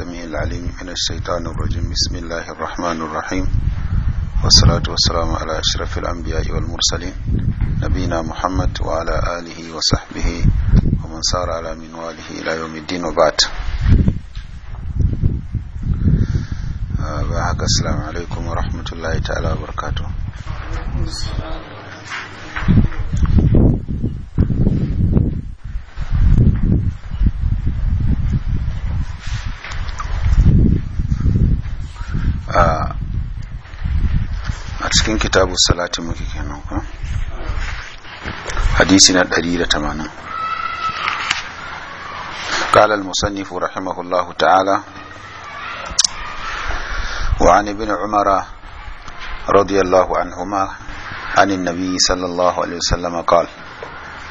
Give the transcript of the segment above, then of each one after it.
السميع العليم من الشيطان الرجيم بسم الله الرحمن الرحيم والصلاة والسلام على أشرف الأنبياء والمرسلين نبينا محمد وعلى آله وصحبه ومن سار على منواله إلى يوم الدين وبعد بحق السلام عليكم ورحمة الله تعالى وبركاته كتاب الصلاة مكينا حديثنا ko hadisi قال المصنف رحمه الله تعالى وعن ابن عمر رضي الله عنهما عن النبي صلى الله عليه وسلم قال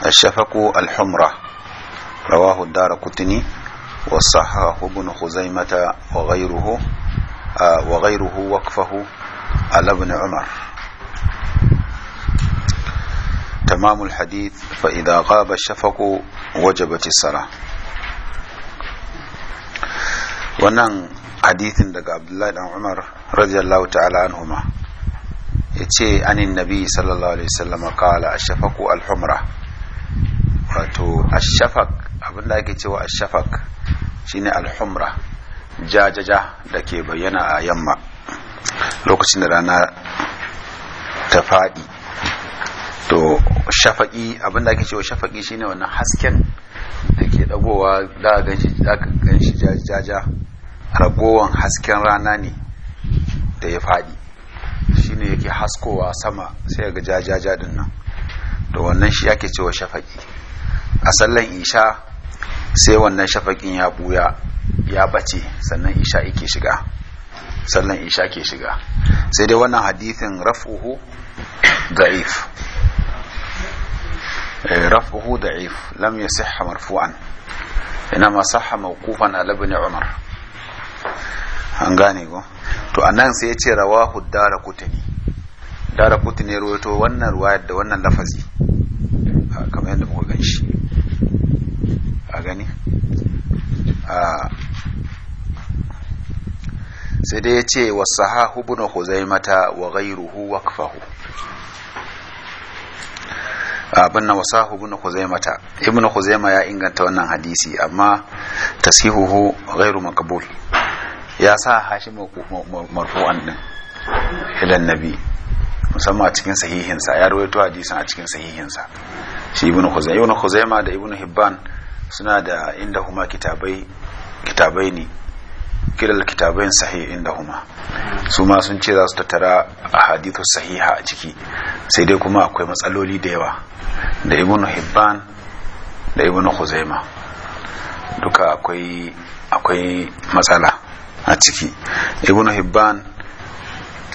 الشفق الحمرة رواه الدار قتني والصحاح ابن خزيمة وغيره وغيره وقفه على ابن عمر تمام الحديث فإذا غاب الشفق وجبت الصلاة wannan hadithin daga abdullahi dan umar radiyallahu ta'ala anhuma ya ce anin nabi sallallahu alaihi wasallam kala ashafaku alhumra wato ashafak abinda ake cewa ashafak shine alhumra jajaja da ke bayyana a yamma lokacin da rana ta faɗi to shafaki abinda ake cewa shafaki shine wannan hasken da ke dagowa da ganshi ganshi jajaja ragowan hasken rana ne da ya fadi shine yake haskowa sama sai ga jajaja din nan to wannan shi yake cewa shafaki a sallan isha sai wannan shafakin ya buya ya bace sannan isha yake shiga sallan isha ke shiga sai dai wannan hadithin rafuhu da'if رفعه ضعيف لم يصح مرفوعا انما صح موقوفا على ابن عمر an gane go? to anan sai ya ce rawahu dara kutani dara kutani to wannan ruwayar da wannan lafazi kamar yadda muka gan shi a gani sai dai ya ce wasu hahu bin huzaimata wa gairuhu wakfahu abin na wasahu ibn Khuzaimata eh. ibn Khuzaima ya inganta wannan hadisi amma tasihuhu ghairu maqbul ya sa hashim marfu'an din ila nabi musamman a cikin sahihinsa ya rawaito hadisin a cikin sahihinsa shi ibn Khuzaima ibn Khuzaima da ibn Hibban suna da inda huma kitabai kitabai ne kilal kitabain sahih huma su ma sun ce za su tattara ahadithu sahiha a ciki sai dai kuma akwai matsaloli da yawa da ibnu hibban da ibnu khuzaima duka akwai akwai matsala a ciki ibnu hibban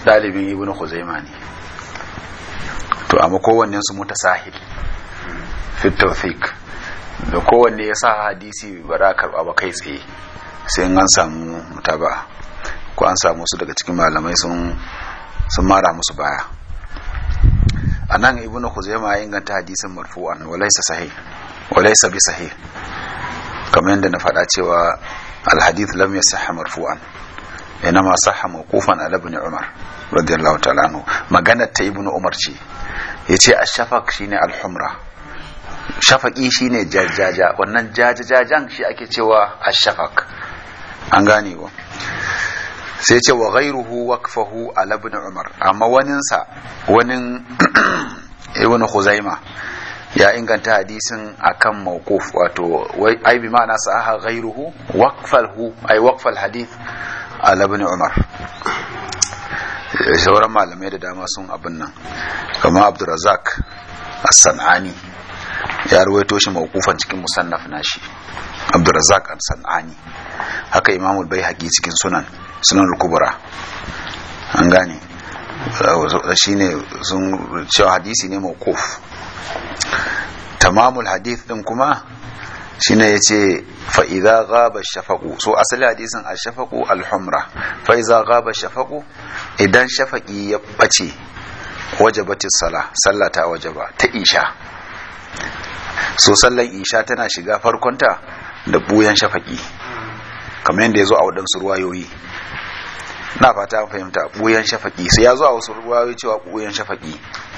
dalibin ibnu khuzaima ne to amma kowannen su mutasahil fi tawfik da kowanne ya sa hadisi ba za ka karba ba kai tsaye sai an samu mutaba ko an samu su daga cikin malamai sun sun mara musu baya a nan ibn khuzaima ya inganta hadisin marfu'an walaysa sahih walaysa bi sahih kamar yadda na faɗa cewa alhadith lam saha marfu'an ma sahha mawqufan ala ibn umar radiyallahu ta'ala anhu maganar ta ibn umar ce yace ash-shafaq shine al-humra shafaqi shine jajaja wannan jajajajan shi ake cewa ash-shafaq an gane wa sai ce wa ghairuhu waqfahu ala ibn umar amma waninsa wanin ibn khuzaima ya inganta hadisin akan mawquf wato ai bi ma'ana sahaha ghairuhu waqfahu ai waqfal hadith ala ibn umar eh, sauran malamai da dama sun abin nan kamar abdurrazak as-sanani ya ruwaito shi mawqufan cikin musannaf nashi abdurrazzaq al-sanani haka imamu bai cikin sunan sunan kubra an gane ne sun cewa hadisi ne maukuf tamamul hadith din kuma shi ne yace ce idza gaba shafaku so asali hadisin a alhumra alhumra. fa gaba ghaba idan shafaki ya ɓace wajabatis sala sallata ta wajaba ta isha so sallan isha tana shiga farkonta da buyan shafaki kamar yadda ya zo a waɗansu ruwayoyi na fata fahimta buyan shafaki sai ya zo a wasu ruwayoyi cewa buyan shafaki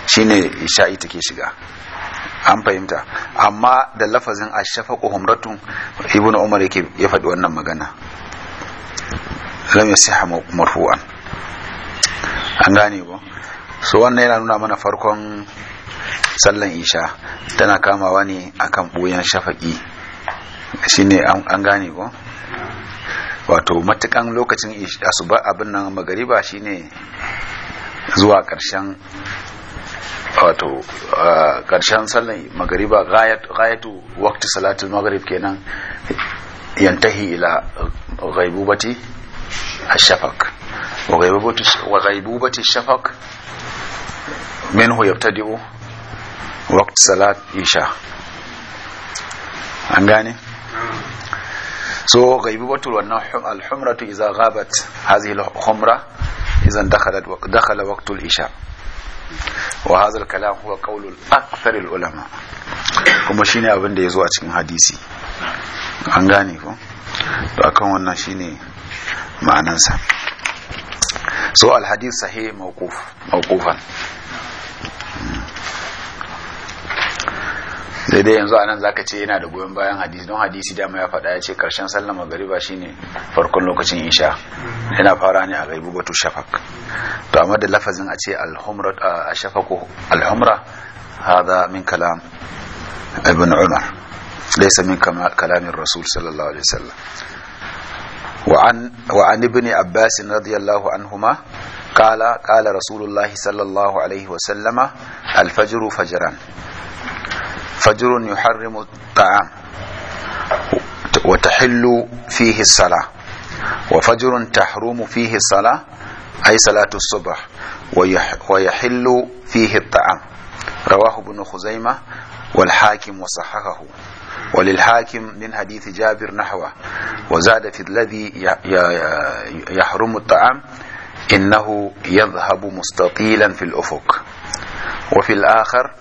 shine sha'i take shiga an fahimta amma da lafazin a shafaƙo humratun ibn umar yake ya faɗi wannan magana lam yasiha marfu'an an gane ba so wannan yana nuna mana farkon sallan isha tana kamawa ne akan buyan shafaki ne an gane ko wato matukan lokacin asuba abin nan magariba shine zuwa karshen wato karshen sallan magariba ghayatu waqti salatul maghrib kenan yantahi ila ghaibubati a shafaq wa ghaibubati wa ghaibubati min shafaq minhu yabtadi'u wakti salat isha an gane so ghaibatul wannan al-humratu idza ghabat hadhihi al-humra idan dakhalat dakhala waqtul isha wa hadha al-kalam huwa qawlu akthar al-ulama kuma shine abin da yazo a cikin hadisi an gane ko to akan wannan shine ma'anansa so al-hadith sahih mawquf mawqufan sai dai yanzu anan zaka ce yana da goyon bayan hadisi don hadisi dama ya faɗa ya ce karshen sallar magariba shine farkon lokacin isha yana fara ne a gaibu batu shafak to amma da lafazin a ce alhumra a shafaku alhumra hada min kalam ibn umar laysa min kalamin rasul sallallahu alaihi wasallam wa an ابن عباس رضي الله عنهما قال قال رسول الله sallallahu alaihi عليه وسلم الفجر فجر يحرم الطعام وتحل فيه الصلاة وفجر تحرم فيه الصلاة أي صلاة الصبح ويحل فيه الطعام رواه ابن خزيمة والحاكم وصححه وللحاكم من حديث جابر نحوه وزاد في الذي يحرم الطعام إنه يذهب مستطيلا في الأفق وفي الآخر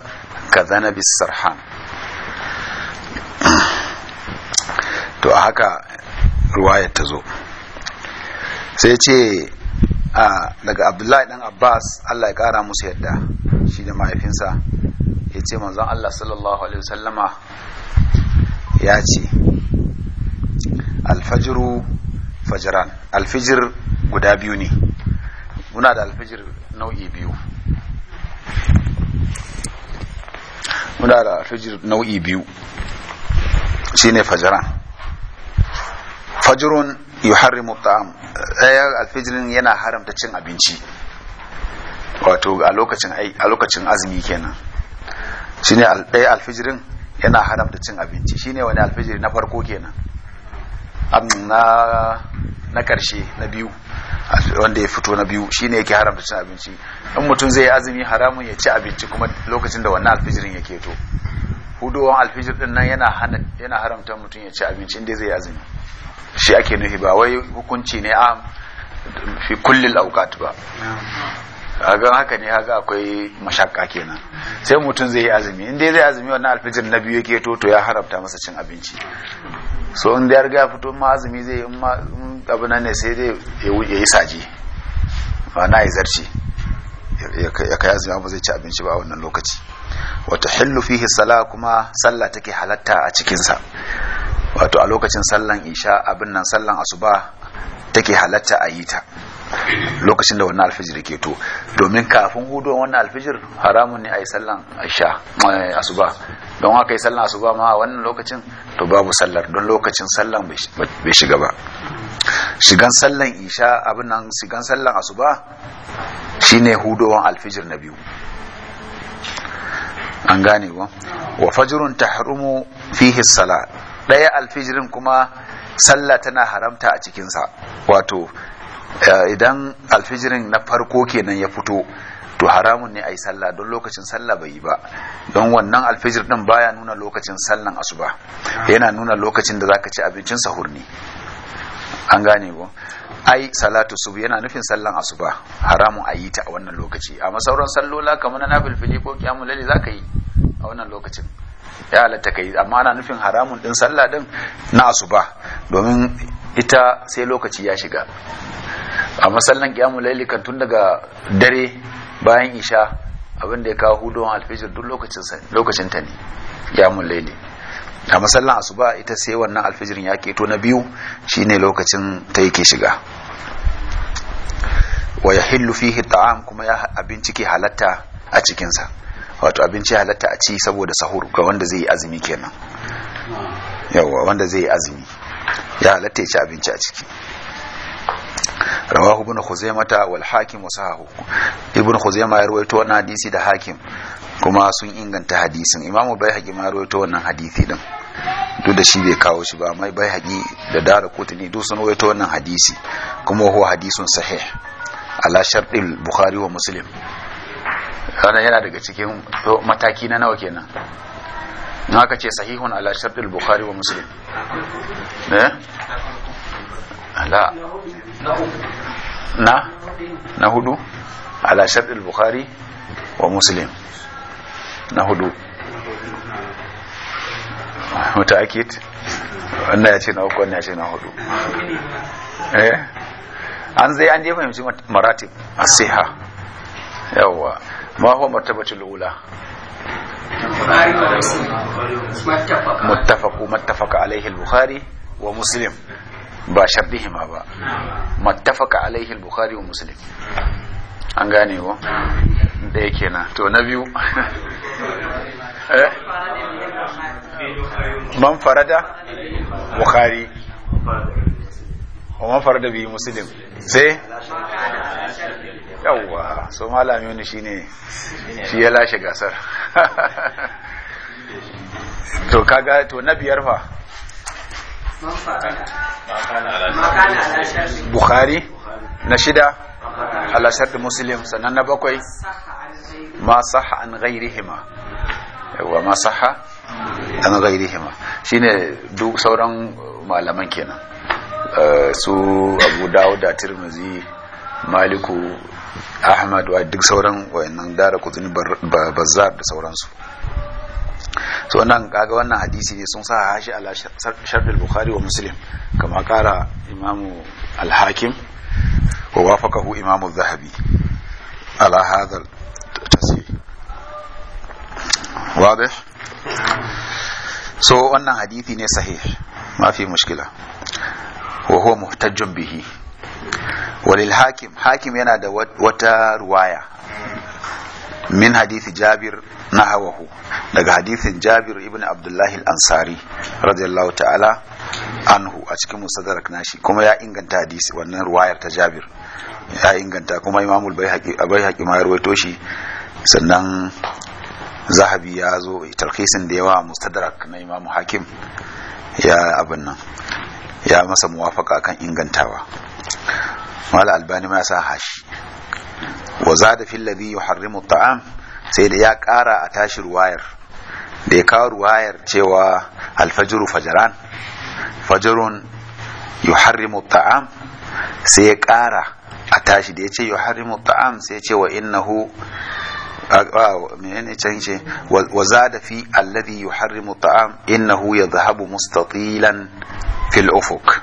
ka zanabi sarhan to a haka ruwayar ta zo sai ce daga abdullahi dan abbas allah ya kara musu yadda shi da mahaifinsa ya ce manzon allah sallallahu alaihi wasallama ya ce alfajiru fajiran alfijir guda biyu ne muna da alfijir nau'i biyu muna da fajir nau'i biyu shine fajiran fajirun harin ta'am ɗaya alfijirin yana haramta cin abinci wato a lokacin azumi kenan shine ɗaya alfijirin yana haramta cin abinci shi ne wani alfijiri na farko kenan na na karshe na biyu wanda ya fito na biyu shine yake haramta cin abinci in mutum zai azumi haramun ya ci abinci kuma lokacin da wannan alfijirin yake to hudowar alfijir din nan yana hana yana haramta mutum ya ci abinci inda zai azumi shi ake nufi ba wai hukunci ne a fi kullil awqat ba ga haka ne haka akwai mashaka kenan sai mutum zai yi azumi inda zai azumi wannan alfijir na biyu yake to to ya haramta masa cin abinci so in da ya riga fito ma azumi zai yi abu nan ne sai zai yi saji ba na yi zarci ya kai azumi ba zai ci abinci ba a wannan lokaci wata hillu fihi sala kuma sallah take halatta a cikinsa wato a lokacin sallan isha abin nan sallan asuba take halatta a yi ta lokacin da wannan alfijir ke to domin kafin hudu wannan alfijir haramun ne a yi sallan Aisha eh, asuba don haka yi sallan asuba ma a wannan lokacin to babu sallar don lokacin sallan bai shiga ba shigan sallan isha abin nan shigan sallan asuba shine hudowan alfijir na biyu an gane ba wa ta tahrumu fihi sala daya alfijirin kuma sallah tana haramta a cikinsa wato Eh, idan alfijirin na farko kenan ya fito to haramun ne a yi sallah don lokacin sallah bai yi ba don wannan alfijir din baya nuna lokacin sallan asuba yana nuna lokacin da zaka ci abincin sahur ne an gane ko ai salatu subu yana nufin sallan asuba haramun a yi ta a wannan lokaci amma sauran sallola kamar na fili ko kiyamul laili zaka yi a wannan lokacin ya halatta kai amma ana nufin haramun din sallah din na asuba domin ita sai lokaci ya shiga a matsalin kyamun laili kan tun daga dare bayan isha abinda ya kawo hudon alfijir duk lokacin ta ne kiyamun laili a masallan asuba ita sai wannan alfijirin ya keto na biyu shi ne lokacin ta yake shiga wa ya yahillu fihi ta'am kuma ya abinci ke halatta a cikinsa wato abinci halatta a ci saboda sahur ga wanda zai yi azumi kenan yawa wanda zai yi azumi ya halatta ya ci abinci a ciki rawahu ibn khuzaimata wal hakim wa sahahu ibn khuzaimah ya rawaito wannan hadisi da hakim kuma sun inganta hadisin imamu baihaqi ma rawaito wannan hadisi din duk da shi bai kawo shi ba amma baihaqi da dara kutuni duk sun rawaito wannan hadisi kuma huwa hadisun sahih ala shartil bukhari wa muslim kana yana daga cikin mataki na nawa kenan na aka ce sahihun ala shartil bukhari wa muslim eh ala na na hudu ala bukhari wa muslim na hudu wannan na uku wannan na hudu eh an zai an je fahimci maratib asiha yawa ma huwa martabatul ula alaihi al-bukhari wa muslim ba ma ba mattafaka alaihi al-bukhari wa muslim an gane wa da yake na to na biyu eh? man farada bukhari wa man farada bi muslim sai yawwa so malami wani shine shi ya lashe gasar to kaga to na biyar fa bukhari na shida ala da muslim sannan na bakwai ma saha an ghairihima yawa ma saha an shi shine duk sauran malaman kenan eh, su abu dawo da tirmizi maliku ahmad wa duk sauran wayannan dara kuzini bazar da sauransu so nan kaga wannan hadisi ne sun sa hashi ala sharh al-bukhari wa muslim kama kara imamu al-hakim wa wafaqahu imamu zahabi ala hadha tasih wadih so wannan hadisi ne sahih ma fi mushkila wa huwa muhtajjun bihi walil hakim hakim yana da wata ruwaya min hadisi jabir na hawahu daga hadisin jabir ibn abdullahi al-ansari radiyallahu ta'ala anhu a cikin musadarak nashi kuma ya inganta hadisi wannan ruwayar ta jabir ya inganta kuma imamul bai haƙi ma ya shi sannan zahabi ya zo talkhisin da yawa mustadrak na imam hakim ya abin nan ya masa muwafaka kan ingantawa mala albani ma ya sa hashi wa zada fil ladhi yuharrimu ta'am sai da ya kara a tashi ruwayar da ya kawo ruwayar cewa alfajiru fajaran fajirun yuharrimu ta'am sai ya kara a tashi da ya ce yuharrimu ta'am sai ya ce wa innahu menene can ce wa zada fi alladhi yuharrimu ta'am innahu yadhhabu mustatilan fil ufuq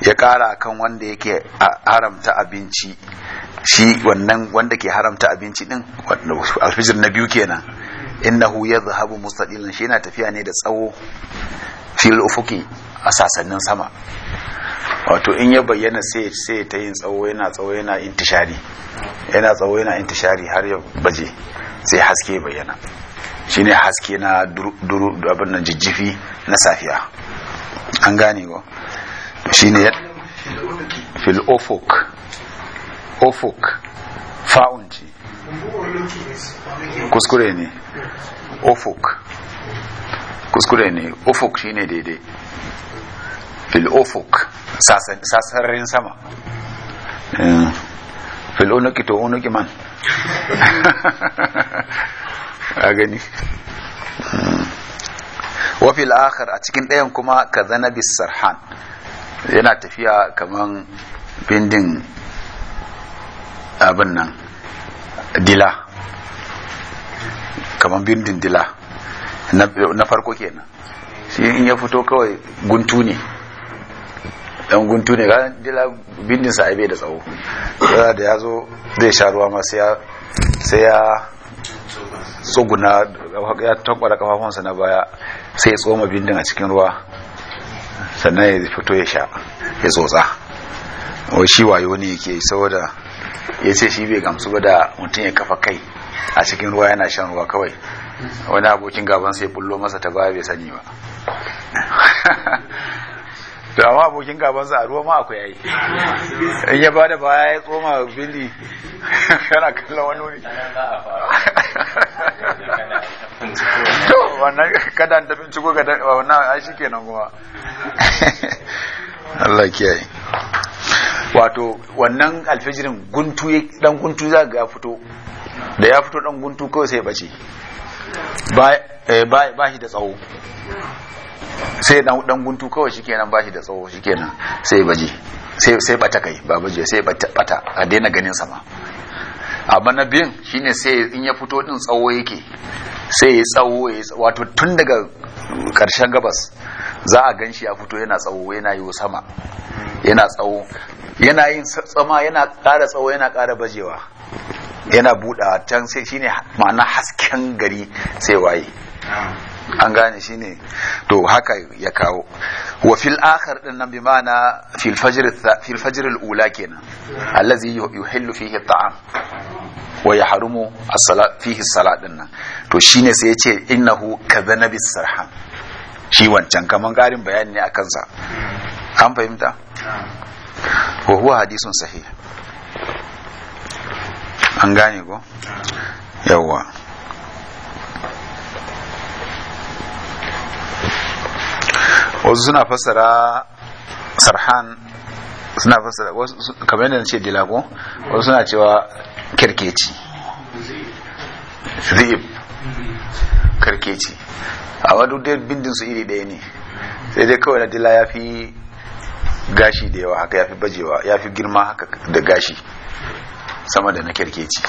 ya ƙara akan wanda yake haramta abinci shi wannan wanda ke haramta abinci din alfijir na biyu kenan innahu yadhhabu mustadilan shi yana tafiya ne da tsawo fil ufuki a sasannin sama wato in ya bayyana sai sai ta yin tsawo yana tsawo yana intishari yana tsawo yana intishari har ya baje sai haske bayyana shine haske na duru abin nan jijjifi na safiya an gane go, shine fil ufuk ofuk fa'un kuskure ne ofuk kuskure ne ofuk shine daidai fil ofuk sasarrin sama eh, fil unuki to unuki man a gani hmm. wafil akhar a cikin ɗayan kuma ka zana bisar yana tafiya kaman bindin abin nan dila kamar bindin dila na farko kenan shi in ya fito kawai guntu ne dan guntu ne ga dila bindin sa bai da tsawo da ya zo zai sha ruwa ma sai ya tsoguna ya takwara kafafunsa na baya sai ya tsoma bindin a cikin ruwa sannan ya fito ya sha ya tsotsa wai shi wayo ne yake saboda ya ce shi bai gamsu ba da mutum ya kafa kai a cikin ruwa yana shan ruwa kawai wani abokin gaban sai bullo masa ta baya bai sani ba da ma abokin gabansa a ruwa ma akwai yayi in ya bada baya ya tsoma bindi yana kallon wani wuri wannan kada ta binciko ga wannan ai shikenan kuma Allah kiyaye wato wannan alfijirin guntu dan guntu za ga ya fito da ya fito dan guntu kawai sai bace eh, ba shi da tsawo sai dan guntu kawai shikenan ba shi da tsawo shikenan sai baje sai bata kai ba baje sai bata a daina ganin sama abu na biyun shine sai in ya fito din tsawo yake sai ya tsawo wato tun daga karshen gabas za a gan shi ya fito yana tsawo yana yi sama yana tsawo yana yin tsama yana ƙara tsawo yana ƙara bajewa yana buɗa can sai shine ma'ana hasken gari sai waye ah. an gane shi ne to haka ya kawo wa fil akhir din nan bi ma'ana fil fajr fil fajr al ula kenan allazi yuhillu fihi ta'am wa yahrumu as-salat fihi as-salat din nan to shine sai yace ce innahu kadhanabi sarhan shi wancan kaman garin bayani ne akan sa an fahimta wa huwa hadisun sahih an gane go yawwa wasu suna fassara sarhan suna fassara kamar yadda ce dilago wasu suna cewa kirkeci zib kirkeci a wadu dai bindin su iri ɗaya ne sai dai kawai na dila ya fi gashi da yawa haka ya fi bajewa ya fi girma haka da gashi sama da na kirkeci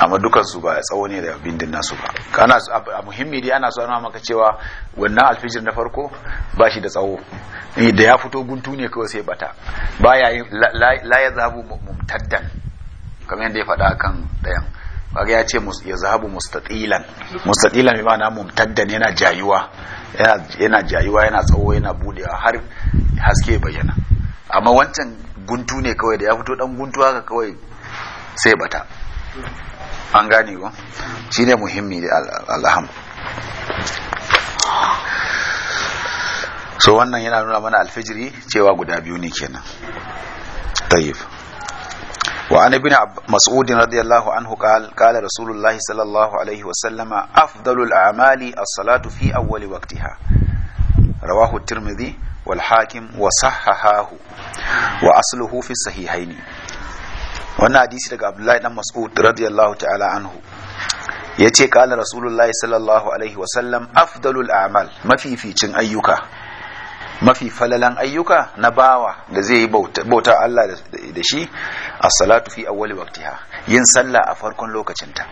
amma su ba tsawo ne da bindin nasu ba kana a muhimmi dai ana so maka cewa wannan alfijir na farko ba shi da tsawo da ya fito guntu ne kawai sai bata ba ya la ya zabu mumtaddan kamar yadda ya faɗa kan ɗayan kaga ya ce ya zabu mustaqilan mustaqilan bi ma'ana mumtaddan yana jayuwa yana jayuwa yana tsawo yana budewa har haske bayyana amma wancan guntu ne kawai da ya fito dan guntu haka kawai sai bata an gane ko ne muhimmi da alham so wannan yana nuna mana alfijiri cewa guda biyu ne kenan tayyib wa an ibn mas'ud radiyallahu anhu qal qala rasulullah sallallahu alaihi wa sallama afdalul a'mali as-salatu fi awwali waqtiha rawahu tirmidhi wal hakim wa sahahahu wa asluhu fi sahihaini wannan hadisi daga abdullahi dan mas'ud radiyallahu ta'ala anhu ya ce kala rasulullahi sallallahu alaihi wasallam afdalul a'mal mafificin ayyuka mafi falalan ayyuka na bawa da zai yi bauta Allah da shi a salatu fi awwali waqtiha yin sallah a farkon lokacinta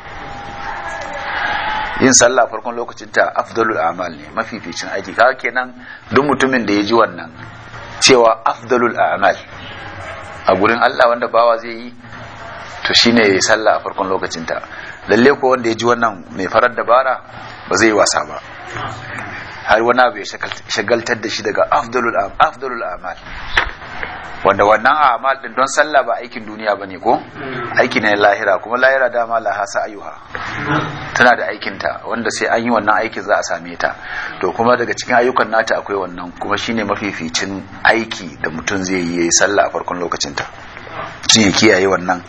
yin sallah a farkon lokacinta afdalul a'mal ne mafificin aiki ka kenan duk mutumin da ya ji wannan cewa afdalul a'mal a gurin Allah wanda bawa zai yi to shine yi sallah a farkon lokacin ta lalle ko wanda ya ji wannan mai farar dabara ba zai wasa ba har wani abu ya shagaltar da shi daga afdalul amal wanda wannan amal din don sallah ba aikin duniya ba ne ko hmm. aiki ne lahira kuma lahira dama la hasa ayuha tana da aikinta. wanda sai an yi wannan aikin za a same ta to kuma daga cikin ayyukan nata akwai wannan kuma shine mafificin aiki da mutum zai yi sallah a farkon lokacin ta shi kiyaye wannan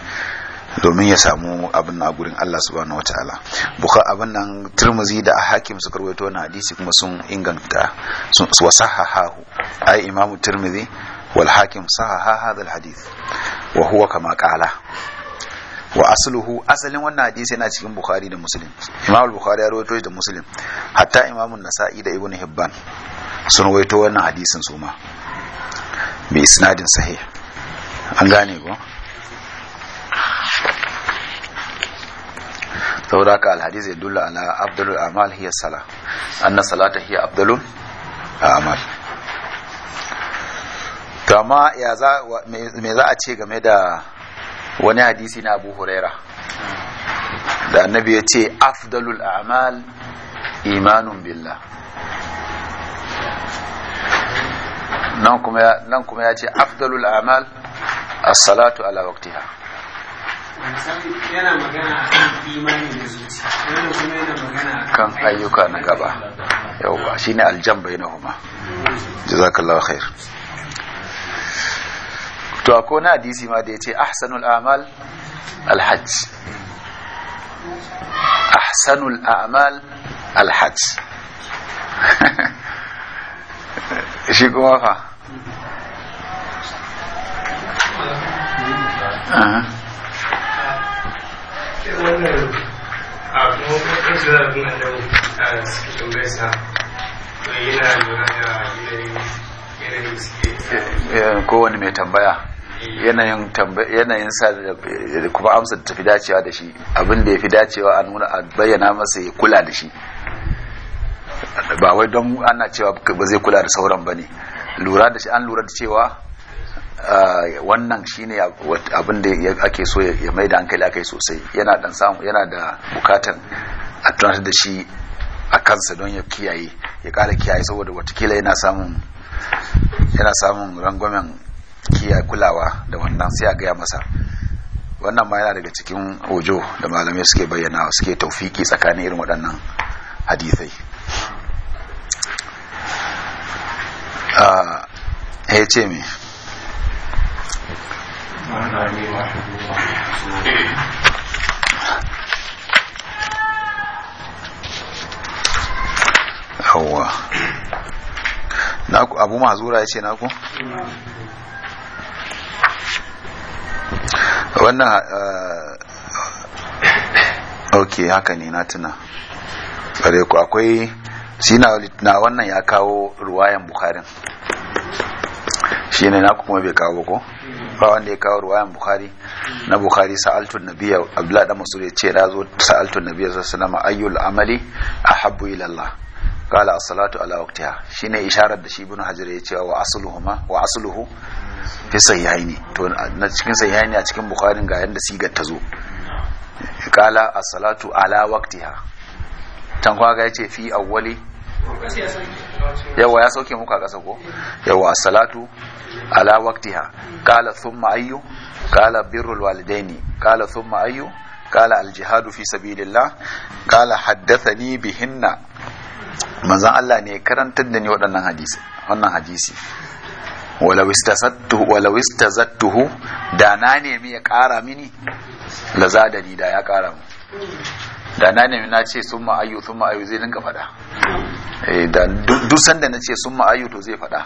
domin ya samu abin na gurin Allah subhanahu wataala buka abin nan turmuzi da hakim suka karwaito wannan hadisi kuma sun inganta sun wasahahahu ai imamu turmuzi wal hakim sahaha hadha hadith wa huwa kama qala wa asluhu asalin wannan hadisi yana cikin bukhari da muslim imam bukhari ya rawaito da muslim hatta imam an-nasa'i da ibnu hibban sun rawaito wannan hadisin su ma bi isnadin sahih an gane ko saboda ka alhadis ya dula ala abdulul amal hiya sala anna salata hiya abdulul amal kama ya za me za a ce game da wani hadisi na abu huraira da annabi ya ce afdalul amal imanun billah nan kuma ya ce afdalul amal as-salatu ala waqtiha kan imani da zuciya wannan kuma yana magana kan ayyuka na gaba yauwa shine aljan bainahuma jazakallahu khair to a kona hadisi ma da ya ce ahsanul a'mal alhajj ahsanul a'mal alhajj shi kuma fa kowane eh, mai tambaya eh. yanayin yanayin sa kuma amsa tafi dacewa da shi abinda ya fi dacewa a nuna a bayyana masa ya kula da shi ba wai don ana cewa ba zai kula da sauran ba ne lura da shi an lura da cewa Ah, wannan shine abin da ake so ya mai da hankali akai sosai yana yana da bukatan a tunatar da shi a kansa don ya kiyaye ya kara kiyaye saboda watakila yana samun yana rangwamen kiyaye kulawa da wannan sai a gaya masa wannan ma yana daga cikin hojo da malamai suke bayyana suke taufiki tsakanin irin waɗannan hadithai ya ah, ce mai وعلى naku abu mazura ya ce naku wannan eh, ok haka ne na tuna bare ku akwai shi na wannan ya kawo ruwayan bukarin shi ne naku kuma bai kawo ko? ba wanda ya kawo ruwayan bukhari na bukhari sa'altun Nabiya Abdullahi da masu ya ce razo zo sa'altun Nabiya sallallahu alaihi ayyul amali ahabbu ila allah qala as-salatu ala waqtiha shine isharar da shi ibn hajar ya ce wa ma wa asluhu fi sahihaini to na cikin ne a cikin bukharin ga yanda sigar ta zo Kala asalatu ala waqtiha tan kwaga yace fi awwali yawa ya sauke muka kasa ko yawa as-salatu ala waqtiha kala thumma ayyu kala birrul walidaini qala thumma ayyu kala aljihadu jihadu fi sabilillah qala haddathani bihinna manzon Allah ne karantar da ni waɗannan hadisi wannan hadisi walau istazattu walau istazattuhu da na nemi ya ƙara mini la zadani da ya ƙara mu da na nemi na ce summa ayyu summa ayyu zai dinga faɗa eh, da duk sanda na ce summa ayyu to zai faɗa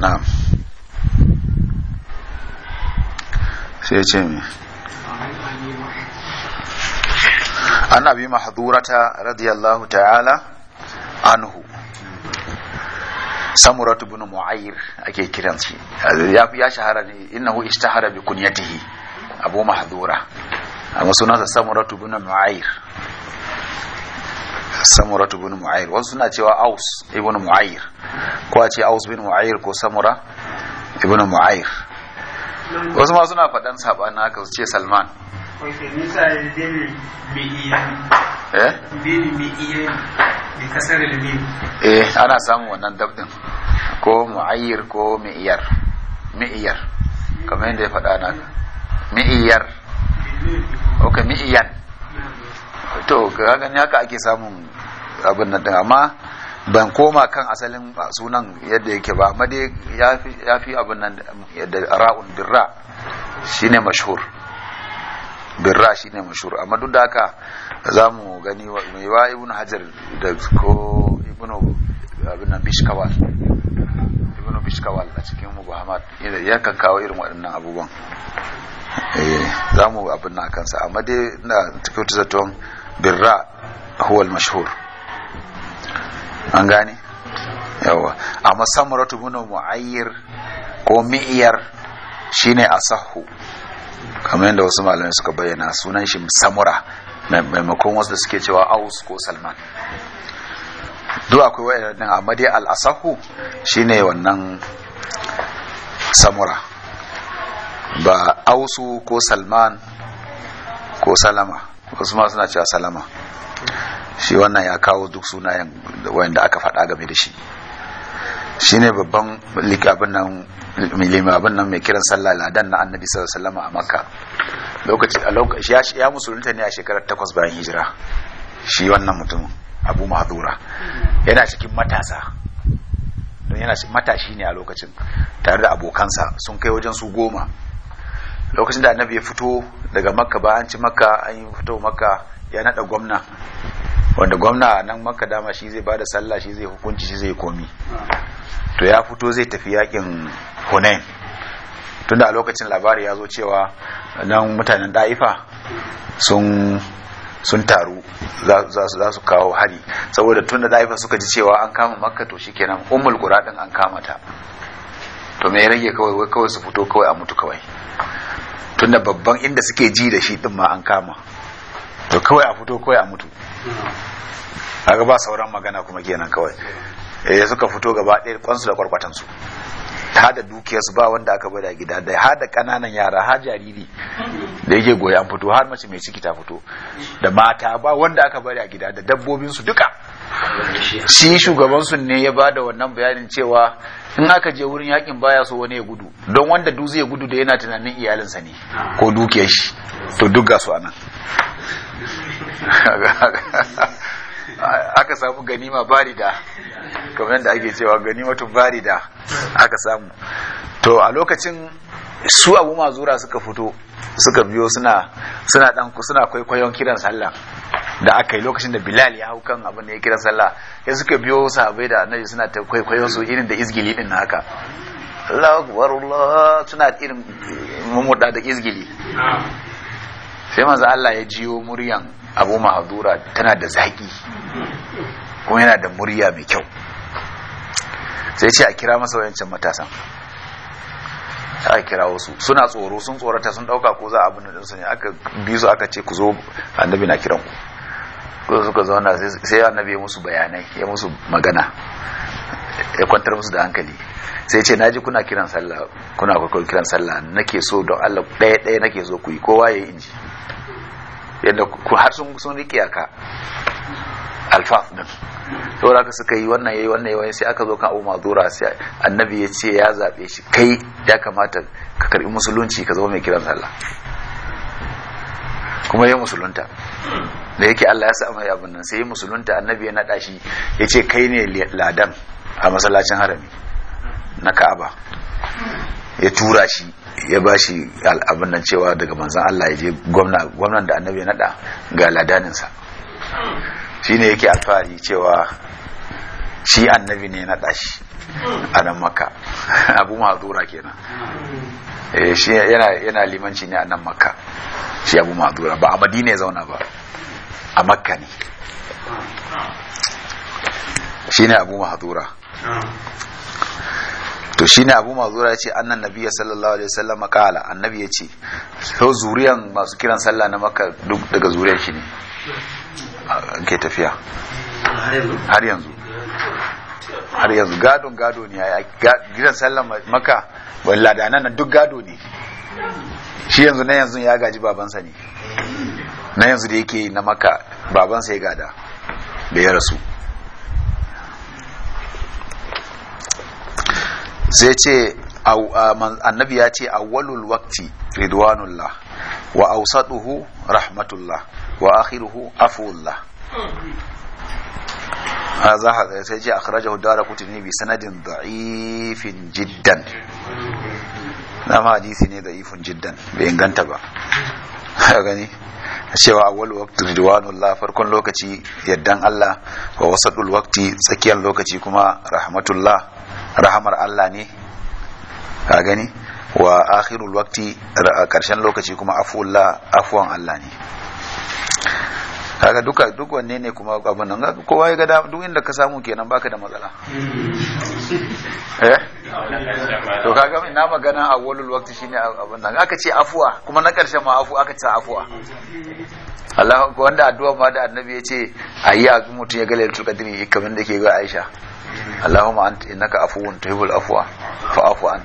na'am sai ce mi radiyallahu ta'ala anhu samurat ibn Mu'ayr ake kiran shi ya ya shahara ne innahu ishtahara bi kunyatihi abu mahdura amma sunansa samurat ibn Mu'ayr. samura ibn mu'ayyir wasu suna cewa aus ibn mu'ayyir ko a ce aus ibn mu'ayyir ko samura ibn mu'ayyir wasu ma suna faɗan saɓanin haka su ce salman eh ana samun wannan dabdin ko mu'ayyir ko mi'iyar mi'iyar kamar yadda ya faɗa na mi'iyar ok mi'iyar to ga gani haka ake samun abin nan din amma ban koma kan asalin sunan yadda yake ba amma dai ya fi abin nan yadda ra'un birra shine mashhur birra shine mashhur amma duk da haka za mu gani mai wa ibn hajar da ko ibn abin nan bishkawal ibn bishkawal a cikin mubahamat ya kakkawo irin waɗannan abubuwan eh, za mu abin na kansa amma dai na tafi zaton birra huwa al-mashhur an gane yawa amma samuratu bin mu'ayyir ko mi'yar shine asahu kamar yadda wasu malamai suka bayyana sunan shi samura maimakon wasu da suke cewa aus ko salman duk akwai waɗannan amma dai al-asahu shine wannan samura ba ausu ko salman ko salama wasu ma suna cewa salama shi wannan ya kawo duk sunayen wanda aka faɗa game da shi shi ne babban abin nan mai kiran sallah ladan na annabi sallallahu a makka lokaci a lokaci ya musulunta ne a shekarar takwas bayan hijira shi wannan mutum abu mahadura yana cikin matasa don yana matashi ne a lokacin tare da abokansa sun kai wajen su goma lokacin da annabi ya fito daga makka ba an ci makka an yi fito makka ya nada gwamna wanda gwamna nan makka dama shi zai bada sallah shi zai hukunci shi zai komi to ya fito zai tafi yakin hunain tunda a lokacin labari ya zo cewa nan mutanen da'ifa sun sun taru za su kawo hari saboda tunda da'ifa suka ji cewa an kama makka to shikenan ummul qura din an kama ta to me rage kawai kawai su fito kawai a mutu kawai tunda babban inda suke ji da shi din ma an kama to kawai a fito kawai a mutu kaga ba sauran magana kuma kenan kawai eh suka fito gaba ɗaya kwansu da kwarkwatansu ta da dukiyarsu ba wanda aka bada gida da har da kananan yara har jariri da yake goyi an fito har mace mai ciki ta fito da mata ba wanda aka bada gida da dabbobinsu duka shi shugabansu ne ya bada wannan bayanin cewa in aka je wurin yakin baya so wani ya gudu don wanda duk zai gudu da yana tunanin iyalinsa ne ko dukiyar shi to duk ga su anan aka samu ganima barida kamar yadda ake cewa ganimatu barida aka samu to a lokacin su abu mazura suka fito suka biyo suna suna dan suna kwaikwayon kiran sallah da aka yi lokacin da Bilal ya hau kan abin da ya kiran sallah ya suka biyo sahabai da annabi suna ta kwaikwayon su irin da izgili din haka Allahu akbar Allah suna irin mumuda da izgili sai manzo Allah ya jiyo muryan abu mahadura tana da zaƙi kuma yana da murya mai kyau sai ce a kira masa wayancan matasan aka kira wasu suna tsoro sun tsorata sun dauka ko za a abin da sun aka biyu aka ce ku zo annabi na kiran ku ko suka zauna sai annabi ya musu bayanai ya musu magana ya kwantar musu da hankali sai ce naji kuna kiran sallah kuna kwakwai kiran sallah nake so don Allah ɗaya ɗaya nake so ku yi kowa ya yi inji yadda ku har sun sun rike ka alfaf din saboda ka suka yi wannan yayi wannan yayi sai aka zo kan Abu zura sai annabi ya ce ya zabe shi kai ya kamata ka karbi musulunci ka zama mai kiran Allah kuma ya musulunta da yake Allah ya sa mai abin nan sai ya musulunta annabi ya nada shi ya ce kai ne ladan a masallacin harami na Ka'aba ya tura shi ya ba shi abin nan cewa daga manzan Allah ya je gwamnan da annabi ya nada ga ladaninsa shi ne yake alfahari cewa shi annabi ne ya nada shi a nan maka abu ma'adura kenan eh, shi yana limanci ne a nan maka shi abu zura ba a madina ya zauna ba a makka ne shi ne abu ma'adura to shine abu mazura ya ce annan nabiya sallallahu alaihi wasallam kala annabi ya ce to zuriyan masu kiran sallah na maka duk daga zuriyan shi ne ke tafiya har yanzu har yanzu gadon gado ne a gidan sallah maka wani da nan duk gado ne shi yanzu na yanzu ya gaji babansa ne na yanzu da yake na maka babansa ya gada da ya rasu sai ce annabi ya ce awwalul waqti ridwanullah wa awsatuhu rahmatullah wa akhiruhu afullah za sai ce akhrajahu daraqutni bi sanadin da'ifin jiddan Nama hadisi ne da'ifin jiddan bai inganta ba gani cewa awwal waqti ridwanullah farkon lokaci yaddan Allah wa wasadul waqti tsakiyar lokaci kuma rahmatullah rahamar Allah ne ka gani wa akhirul waqti karshen lokaci kuma afwullah afwan Allah ne kaga duka duk wanne ne kuma abun nan kowa ya ga duk inda ka samu kenan baka da matsala eh to kaga na magana a walul waqti shine abun nan aka ce afuwa kuma na karshen ma afu aka ce afuwa Allah wanda addu'a ma da annabi ya ce ayi a mutum ya ga lailatul qadri kamar da ke ga Aisha Allahumma anta innaka afuwun tuhibbul afwa fa'fu an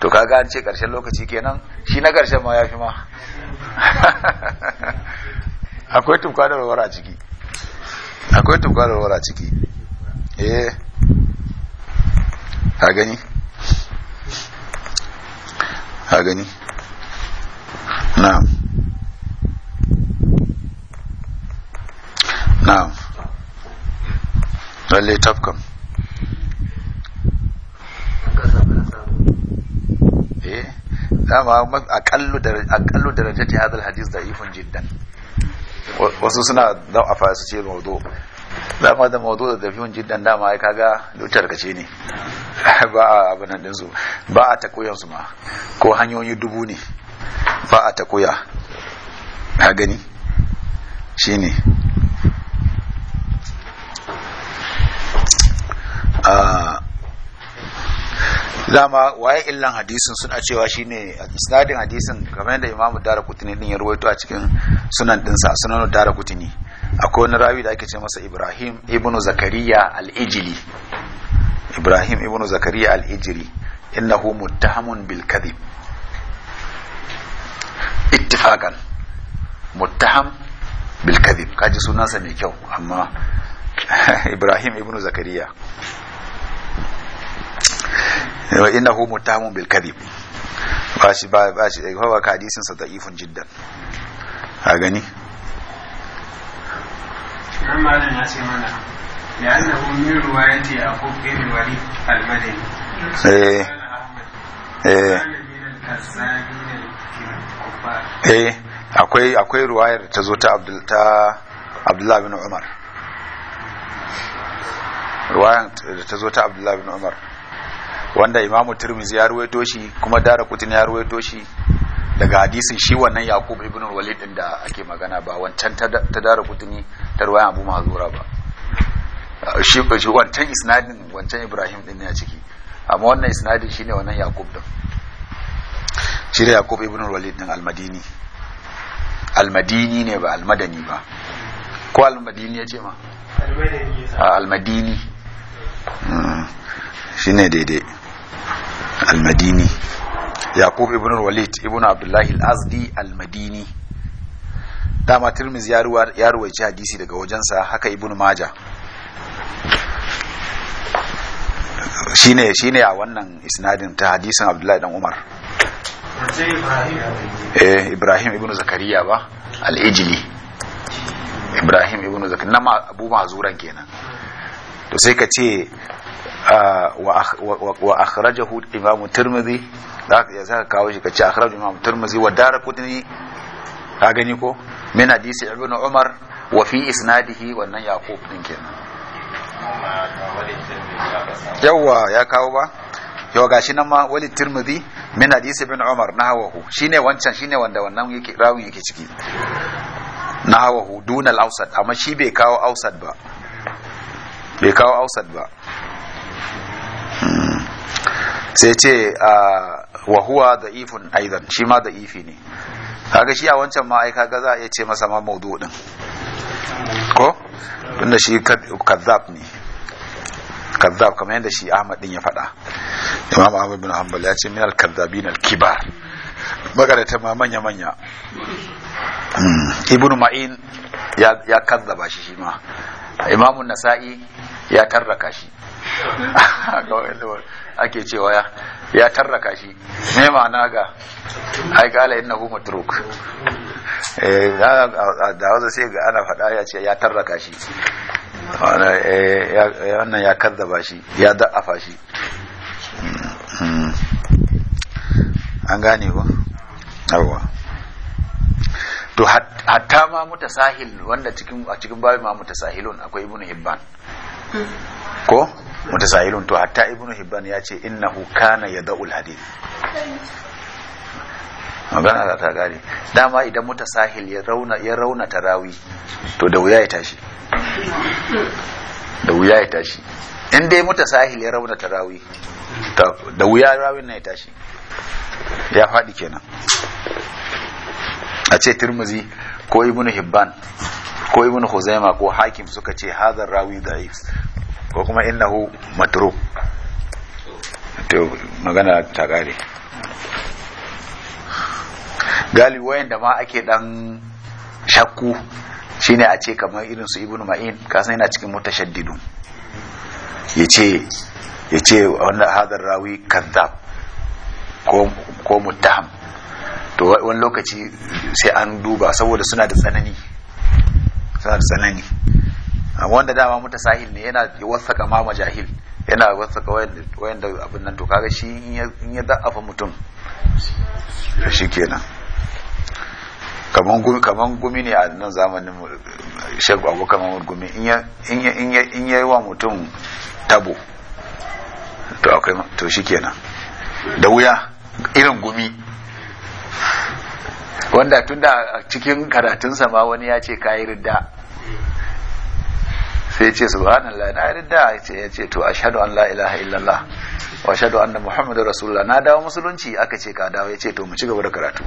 to kaga an ce karshen lokaci kenan shi na karshen ma yafi ma akwai tukwa da warwara ciki akwai tukwa da warwara ciki eh ha gani ha gani na'am na'am lalle tafkan eh dama akallu darajati hadal hadis da'ifun jiddan wasu suna da'afa su ce mawdu ma da mawudu da da'ifun jiddan dama ai kaga lutar kace ne ba a abin din su ba a takoyan su ma ko hanyoyi dubu ne ba a takoya ka gani shine zama waye illan hadisin suna cewa shine isnadin hadisin kamar da imamu dara kutini din ya rawaito a cikin sunan dinsa sunan dara kutini akwai wani rawi da ake ce masa ibrahim ibnu zakariya al-ijili ibrahim ibnu zakariya al-ijili innahu muttahamun bil kadhib ittifaqan muttaham bil kadhib kaji sunansa mai kyau amma ibrahim ibnu zakariya wa innahu muttahamun bil kadhib ba shi ba ba shi ba eh, ka hadisin sa da'ifun jiddan a gani nan malam ya ce mana لأنه من رواية يعقوب بن الوليد المدني. إيه. إيه. eh akwai akwai ruwayar ta zo ta abdul ta abdullah bin umar ruwayar da ta zo ta abdullah bin umar wanda imamu turmizi ya ruwaito shi kuma dara kutin ya ruwaito shi daga hadisin shi wannan Yakubu ibn walid din da ake magana ba wancan ta dara kutuni ta ruwa abu mazura ba shi wancan isnadin wancan ibrahim din ne a ciki amma wannan isnadin shine wannan Yakubu din shi da yaqub ibn walid din almadini almadini ne ba almadani ba ko almadini ya ce ma almadini hmm. shine daidai Almadini madini yaqub ibn walid ibn abdullahi al-azdi al-madini dama tirmiz ya ruwaici hadisi daga wajensa haka ibn maja shine shine a wannan isnadin ta hadisin abdullahi dan umar eh ibrahim ibn zakariya ba al-ijli ibrahim ibn zakariya ma abu mazuran kenan to sai ka ce wa akhrajahu imamu tirmidhi zaka ya saka kawo shi kace akhrajahu imamu tirmidhi wa darakutni ka gani ko min hadisi ibnu umar wa fi isnadihi wannan yaqub din kenan yawa ya kawo ba yau gashi nan ma wali tirmidhi min hadisi ibnu umar nahawahu shine wancan shine wanda wannan yake rawin yake ciki nahawahu dunal ausad amma shi bai kawo ausad ba bai kawo ausad ba sai ce ah, wahuwa da ifin aizan shi ma da ifi ne kaga shi a wancan ma'aika ga za a iya ce masa ma maudu din ko tunda shi kazzab ne kazzab kamar yadda shi Ahmad din ya faɗa Imam Ahmad bin Hanbal ya ce min al-kazzabin al-kibar magana ta ma manya manya ibnu ma'in ya kazzaba shi shi ma imamun nasa'i ya tarraka shi ake cewa ya tarraka shi ne ma'ana ga ai kala innahu matruk eh da wasu sai ga ana faɗa ya ce ya tarraka shi eh, eh, wannan ya kazzaba shi ya da'afa shi hmm, hmm. an gane ba yawa to hatta ma mutasahil wanda cikin a cikin babu ma mutasahilun akwai ibnu hibban ko mutasahilun to hatta ibnu hibban ya ce innahu kana yada'ul hadith magana da ta gare dama idan mutasahil ya rauna ya rauna tarawi to da wuya ya tashi da wuya ya tashi in dai mutasahil ya rauna tarawi da wuya rawin na ya tashi ya faɗi kenan a ce tirmizi ko ibn hibban ko ibn huzaima ko hakim suka ce hadar rawi da'if ko kuma innahu matruk to magana ta gare wayan wayanda ma ake dan shakku shine a ce kamar irin su ibn ma'in kasan yana cikin mutashaddidu yace yace wannan hadar rawi kadhab ko ko muttaham to wani lokaci sai an duba saboda suna da tsanani suna da tsanani wanda dama muta sahil ne yana wasaka ma majahil yana wasaka wayan da abin nan to kaga shi in ya da'afa mutum shi kenan kaman gumi kaman gumi ne a nan zamanin shek abokan mamur gumi in ya yi wa mutum tabo to akwai to shi kenan da wuya irin gumi wanda tun da cikin karatunsa ma wani ya ce kayi ridda sai ya ce subhanallah na ridda ya ce to ashhadu an la ilaha illallah wa an da Muhammadu rasulullah na dawo musulunci aka ce ka dawo ya ce to mu ci gaba da karatu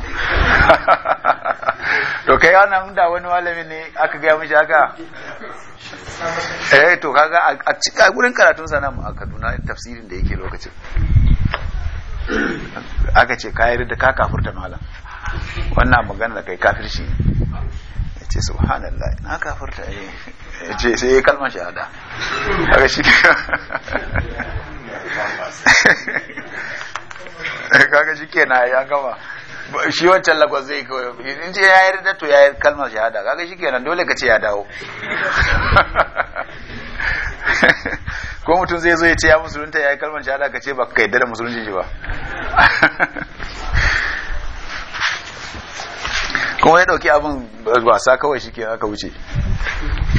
to kai wannan da wani malami ne aka gaya mishi haka eh to kaga a gurin karatunsa nan a Kaduna tafsirin da yake lokacin aka ce ka yarda ka kafirta malam wannan magana da kai kafirci ya ce subhanallah na kafurta ya ce sai ya kalmar shahada aka shi kaga shi kenan ya gama shi wancan lagos zai kawai in ce ya yarda to ya yi kalmar shahada kaga shi kenan dole ka ce ya dawo ko mutum zai zo ya ce ya musulunta ya yi kalmar shahada ka ce ba ka yadda da musulunci ba kuma ya dauki abin wasa kawai shi ke aka wuce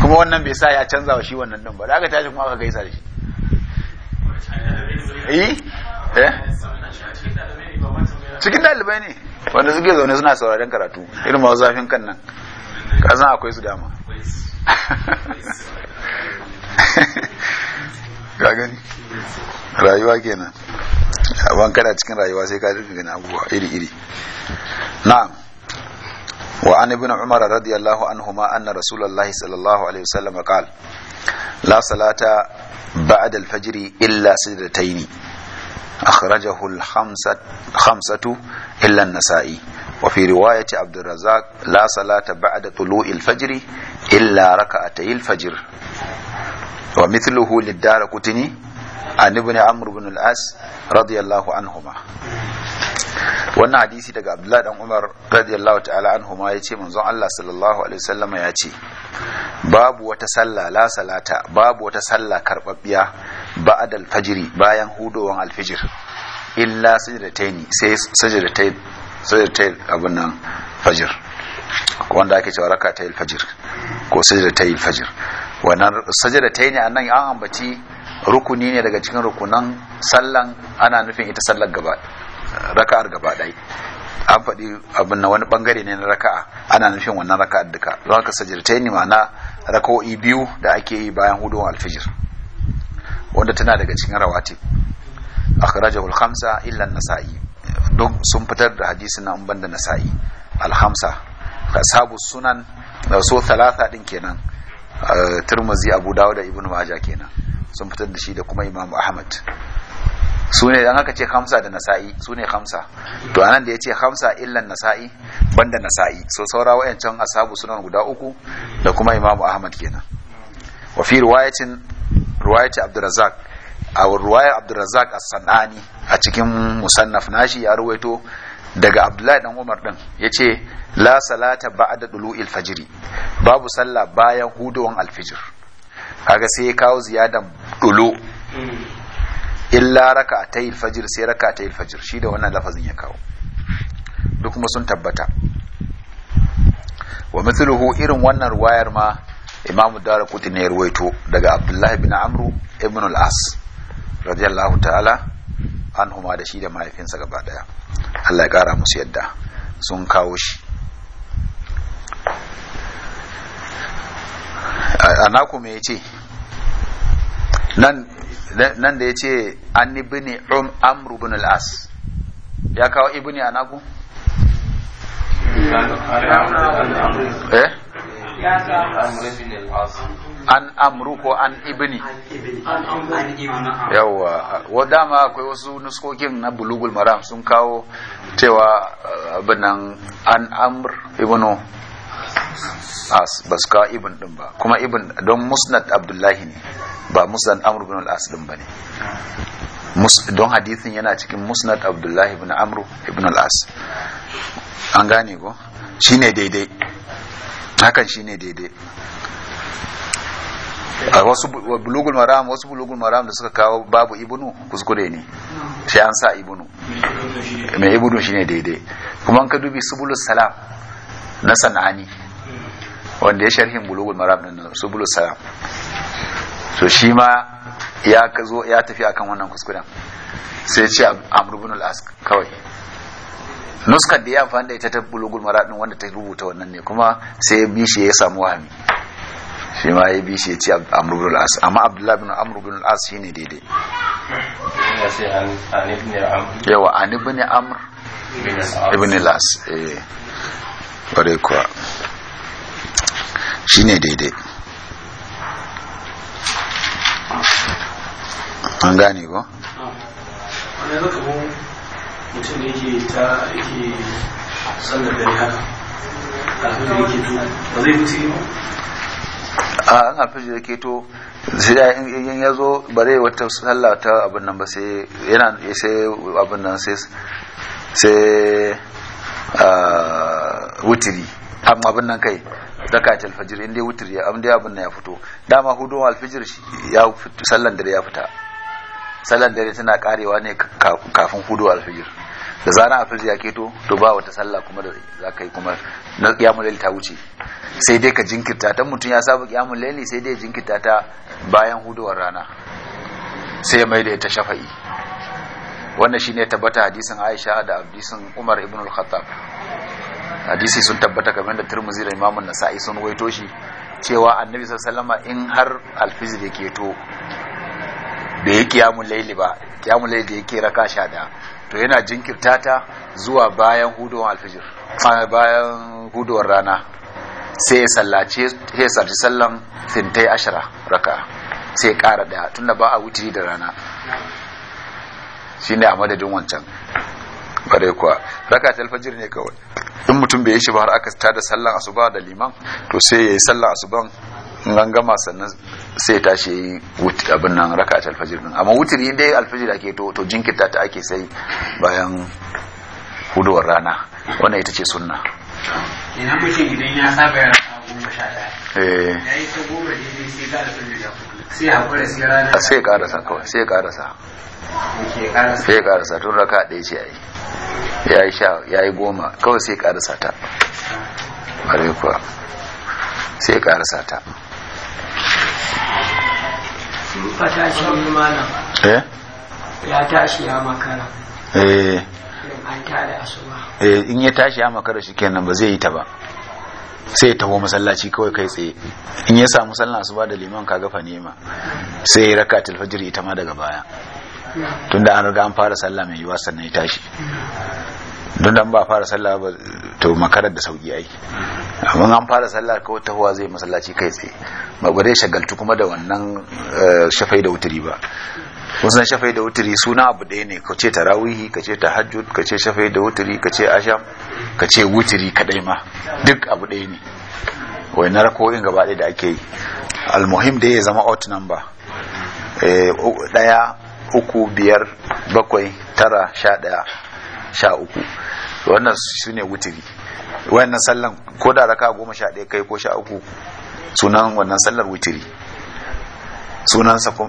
kuma wannan bai sa ya canza wa shi wannan din ba da aka tashi kuma aka gaisa da shi eh, eh? cikin dalibai ne wanda suke zaune suna sauraren karatu irin ma zafin kan nan kazan akwai su dama ka gani rayuwa kenan abin kada cikin rayuwa sai ka dinga gani abubuwa iri-iri na'am wa an ibn umar radiyallahu anhuma anna rasulullahi sallallahu alaihi wasallam qala la salata ba'da al-fajr illa sajdatayn akhrajahu al khamsatu illa an-nasa'i wa fi riwayati abd la salata ba'da tulu'i al-fajr illa rak'atay al-fajr wa mithluhu lidara kutini an ibn amr ibn al-as radiyallahu anhuma wannan hadisi daga abdullah dan umar radiyallahu ta'ala anhuma ya ce manzon allah sallallahu alaihi wasallam ya ce babu wata sallah la salata babu wata sallah karbabbiya ba'ad al-fajr bayan hudowan al-fajr illa sajdatayn sai sajdatayn sajdatayn abun nan fajr wanda ake cewa raka ta yi fajir ko sajada ta yi fajir wannan sajada ta yi ne annan an ambaci rukuni ne daga cikin rukunan sallan ana nufin ita sallar gaba raka'ar gaba ɗai an faɗi abin na wani bangare ne na raka'a ana nufin wannan raka'ar duka don haka yi ne ma'ana raka'o'i biyu da ake yi bayan hudun alfijir wanda tana daga cikin rawati akhrajahu al-khamsa illa an-nasa'i duk sun fitar da hadisin nan banda nasa'i al-khamsa sabu sunan da so talata din kenan turmazi abu dawo da ibn majah kenan sun fitar da shi da kuma imam ahmad su ne an aka ce hamsa da nasa'i su ne hamsa to anan da ya ce hamsa illan nasa'i banda nasa'i so saura wayancan ashabu sunan guda uku da kuma imam ahmad kenan wa fi riwayatin riwayati abdurrazzaq a riwaya abdurrazzaq as-sanani a cikin musannaf nashi ya ruwaito daga abdullahi dan umar din ya ce la salata ba'da dulu ilfajiri babu sallah bayan hudowan alfijir kaga sai ya kawo ziyadan dulu illa raka ta alfajir sai raka ta alfajir shi da wannan lafazin ya kawo duk kuma sun tabbata wa mithluhu irin wannan ruwayar ma imamu dara ne ya ruwaito daga abdullahi bin amru ibn al-as radiyallahu ta'ala an huma da shi da mahaifinsa gaba daya Allah ya kara musu yadda sun kawo shi a naku me yace nan nan da yace an ibn um amru ibn al-as ya kawo ibni a naku eh ya kawo amru ibn al-as an amru ko an ibni yawa wa dama akwai wasu nuskokin na bulugul maram sun kawo cewa eh, abinan an amr ibnu as ba su kawo ibn din ba kuma ibn don musnad abdullahi ne ba musnad amr bin al-as din ba ne don hadithin yana cikin musnad abdullahi bin amr ibn al-as an gane ko shine daidai hakan shine daidai a wasu bulugul maram wasu bulugul maram da suka kawo babu ibnu kuskure ne sai an sa ibnu mai ibnu shine daidai kuma ka dubi subulus salam na sanani wanda ya sharhin bulugul maram din subulus salam So shi ma ya kazo ya tafi akan wannan kuskuren sai ce amr ibn al-as kawai nuskar da ya amfani da ita ta bulugul maram din wanda ta rubuta wannan ne kuma sai ya ya samu wahami shi ma ya bi shi ya ce amru bin al'as amma abdullahi bin amru bin al'as shi ne daidai yawa an ibn amr ibn al'as eh bare kuwa shi ne daidai an gane ko? wani zaka bu mutum da yake ta yake dare haka yake ba zai mutu ba a an da ke to, sai in ya zo bare wata sallah ta abin nan ba sai yana sai abin nan sai sai wutiri amma abin nan kai ta alfajir inda ya wutiri amma dai abin nan ya fito dama hudu alfajir ya fito, sallan dare ya fita sallan dare tana karewa ne kafin hudu alfajir da zana a firji ya keto to ba wata sallah kuma da za ka yi kuma na kiyamun ta wuce sai dai ka jinkirta ta mutum ya saba kiyamun laili sai dai jinkirta ta bayan huduwar rana sai ya maida ta shafa'i wannan shine tabbata hadisin Aisha da hadisin Umar ibn al-Khattab hadisi sun tabbata kamar da turmuzi da imamun nasai sun waito shi cewa Annabi sallallahu alaihi in har da ke to bai yi kiyamun laili ba kiyamun laili da yake raka sha daya to yana jinkirta ta zuwa bayan hudowar alfijir bayan huduwar rana sai ya sallace sai sallaci sallan fintai ashara raka sai ya kara da tunda ba a wuce da rana shine a madadin wancan bare kuwa raka ta alfajir ne kawai in mutum bai yi shi ba har aka tada sallan asuba da liman to sai ya yi sallan asuban in an gama sannan sai ta shi yi abin nan raka ta alfajir din amma wutiri dai alfajir ake to to jinkirta ta ake sai bayan huduwar rana wannan ita ce sunna idan mutum gidan ya saba ya goma sha ɗaya eh. ya yi ta goma daidai sai ga sai haƙura rana sai ƙarasa kawai sai ƙarasa sai ƙarasa tun raka ɗaya ce ya yi sha ya yi goma kawai sai ƙarasa ta ƙwarai kuwa sai ƙarasa ta Eh? Eh. Eh, in ya tashi ya makara shi kenan ba zai yi ta ba sai ya taho masallaci kawai kai tsaye in ya samu sallan asuba da liman ka fa nema sai ya raka tilfajir ita ma daga baya tunda an riga an fara sallah mai yiwa sannan ya tashi don dan ba fara sallah ba to makarar da sauki ai amma an fara sallah kawai tahowa zai masallaci kai tsaye ba shagaltu kuma da wannan eh, shafai da wuturi ba kusan shafai da wuturi suna abu ɗaya ne kace tarawihi kace tahajjud kace shafai da wuturi kace asham kace wuturi kadai ma duk abu ɗaya ne wai na rakoyin gaba ɗaya da ake yi almuhim da ya zama out number eh, ɗaya uku biyar bakwai tara sha ɗaya sha uku wannan su ne wutiri wannan sallan ko da raka goma sha ɗaya kai ko sha uku sunan wannan sallar wutiri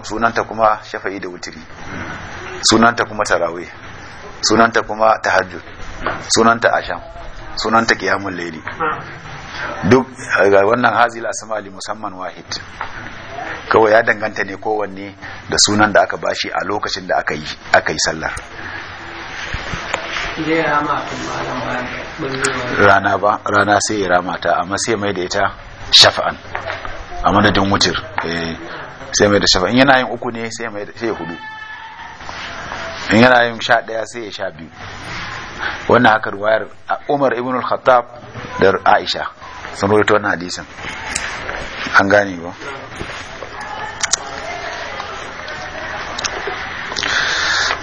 sunanta kuma shafa'i da wutiri sunanta kuma tarawe sunanta kuma tahajjud sunanta asham sunanta kiyamun layli duk wannan hazil asma musamman wahid kawai ya danganta ne kowanne da sunan da aka bashi a lokacin da aka yi sallar rana ba rana sai ya rama ta amma sai mai da ita shafa'an a madadin wutir eh, sai mai da shafa'an yana yin uku ne sai mai da hudu in yana yin sha daya sai ya sha biyu wannan haka ruwayar umar ibn al-khattab da aisha sun rubuta wannan hadisin an gane ba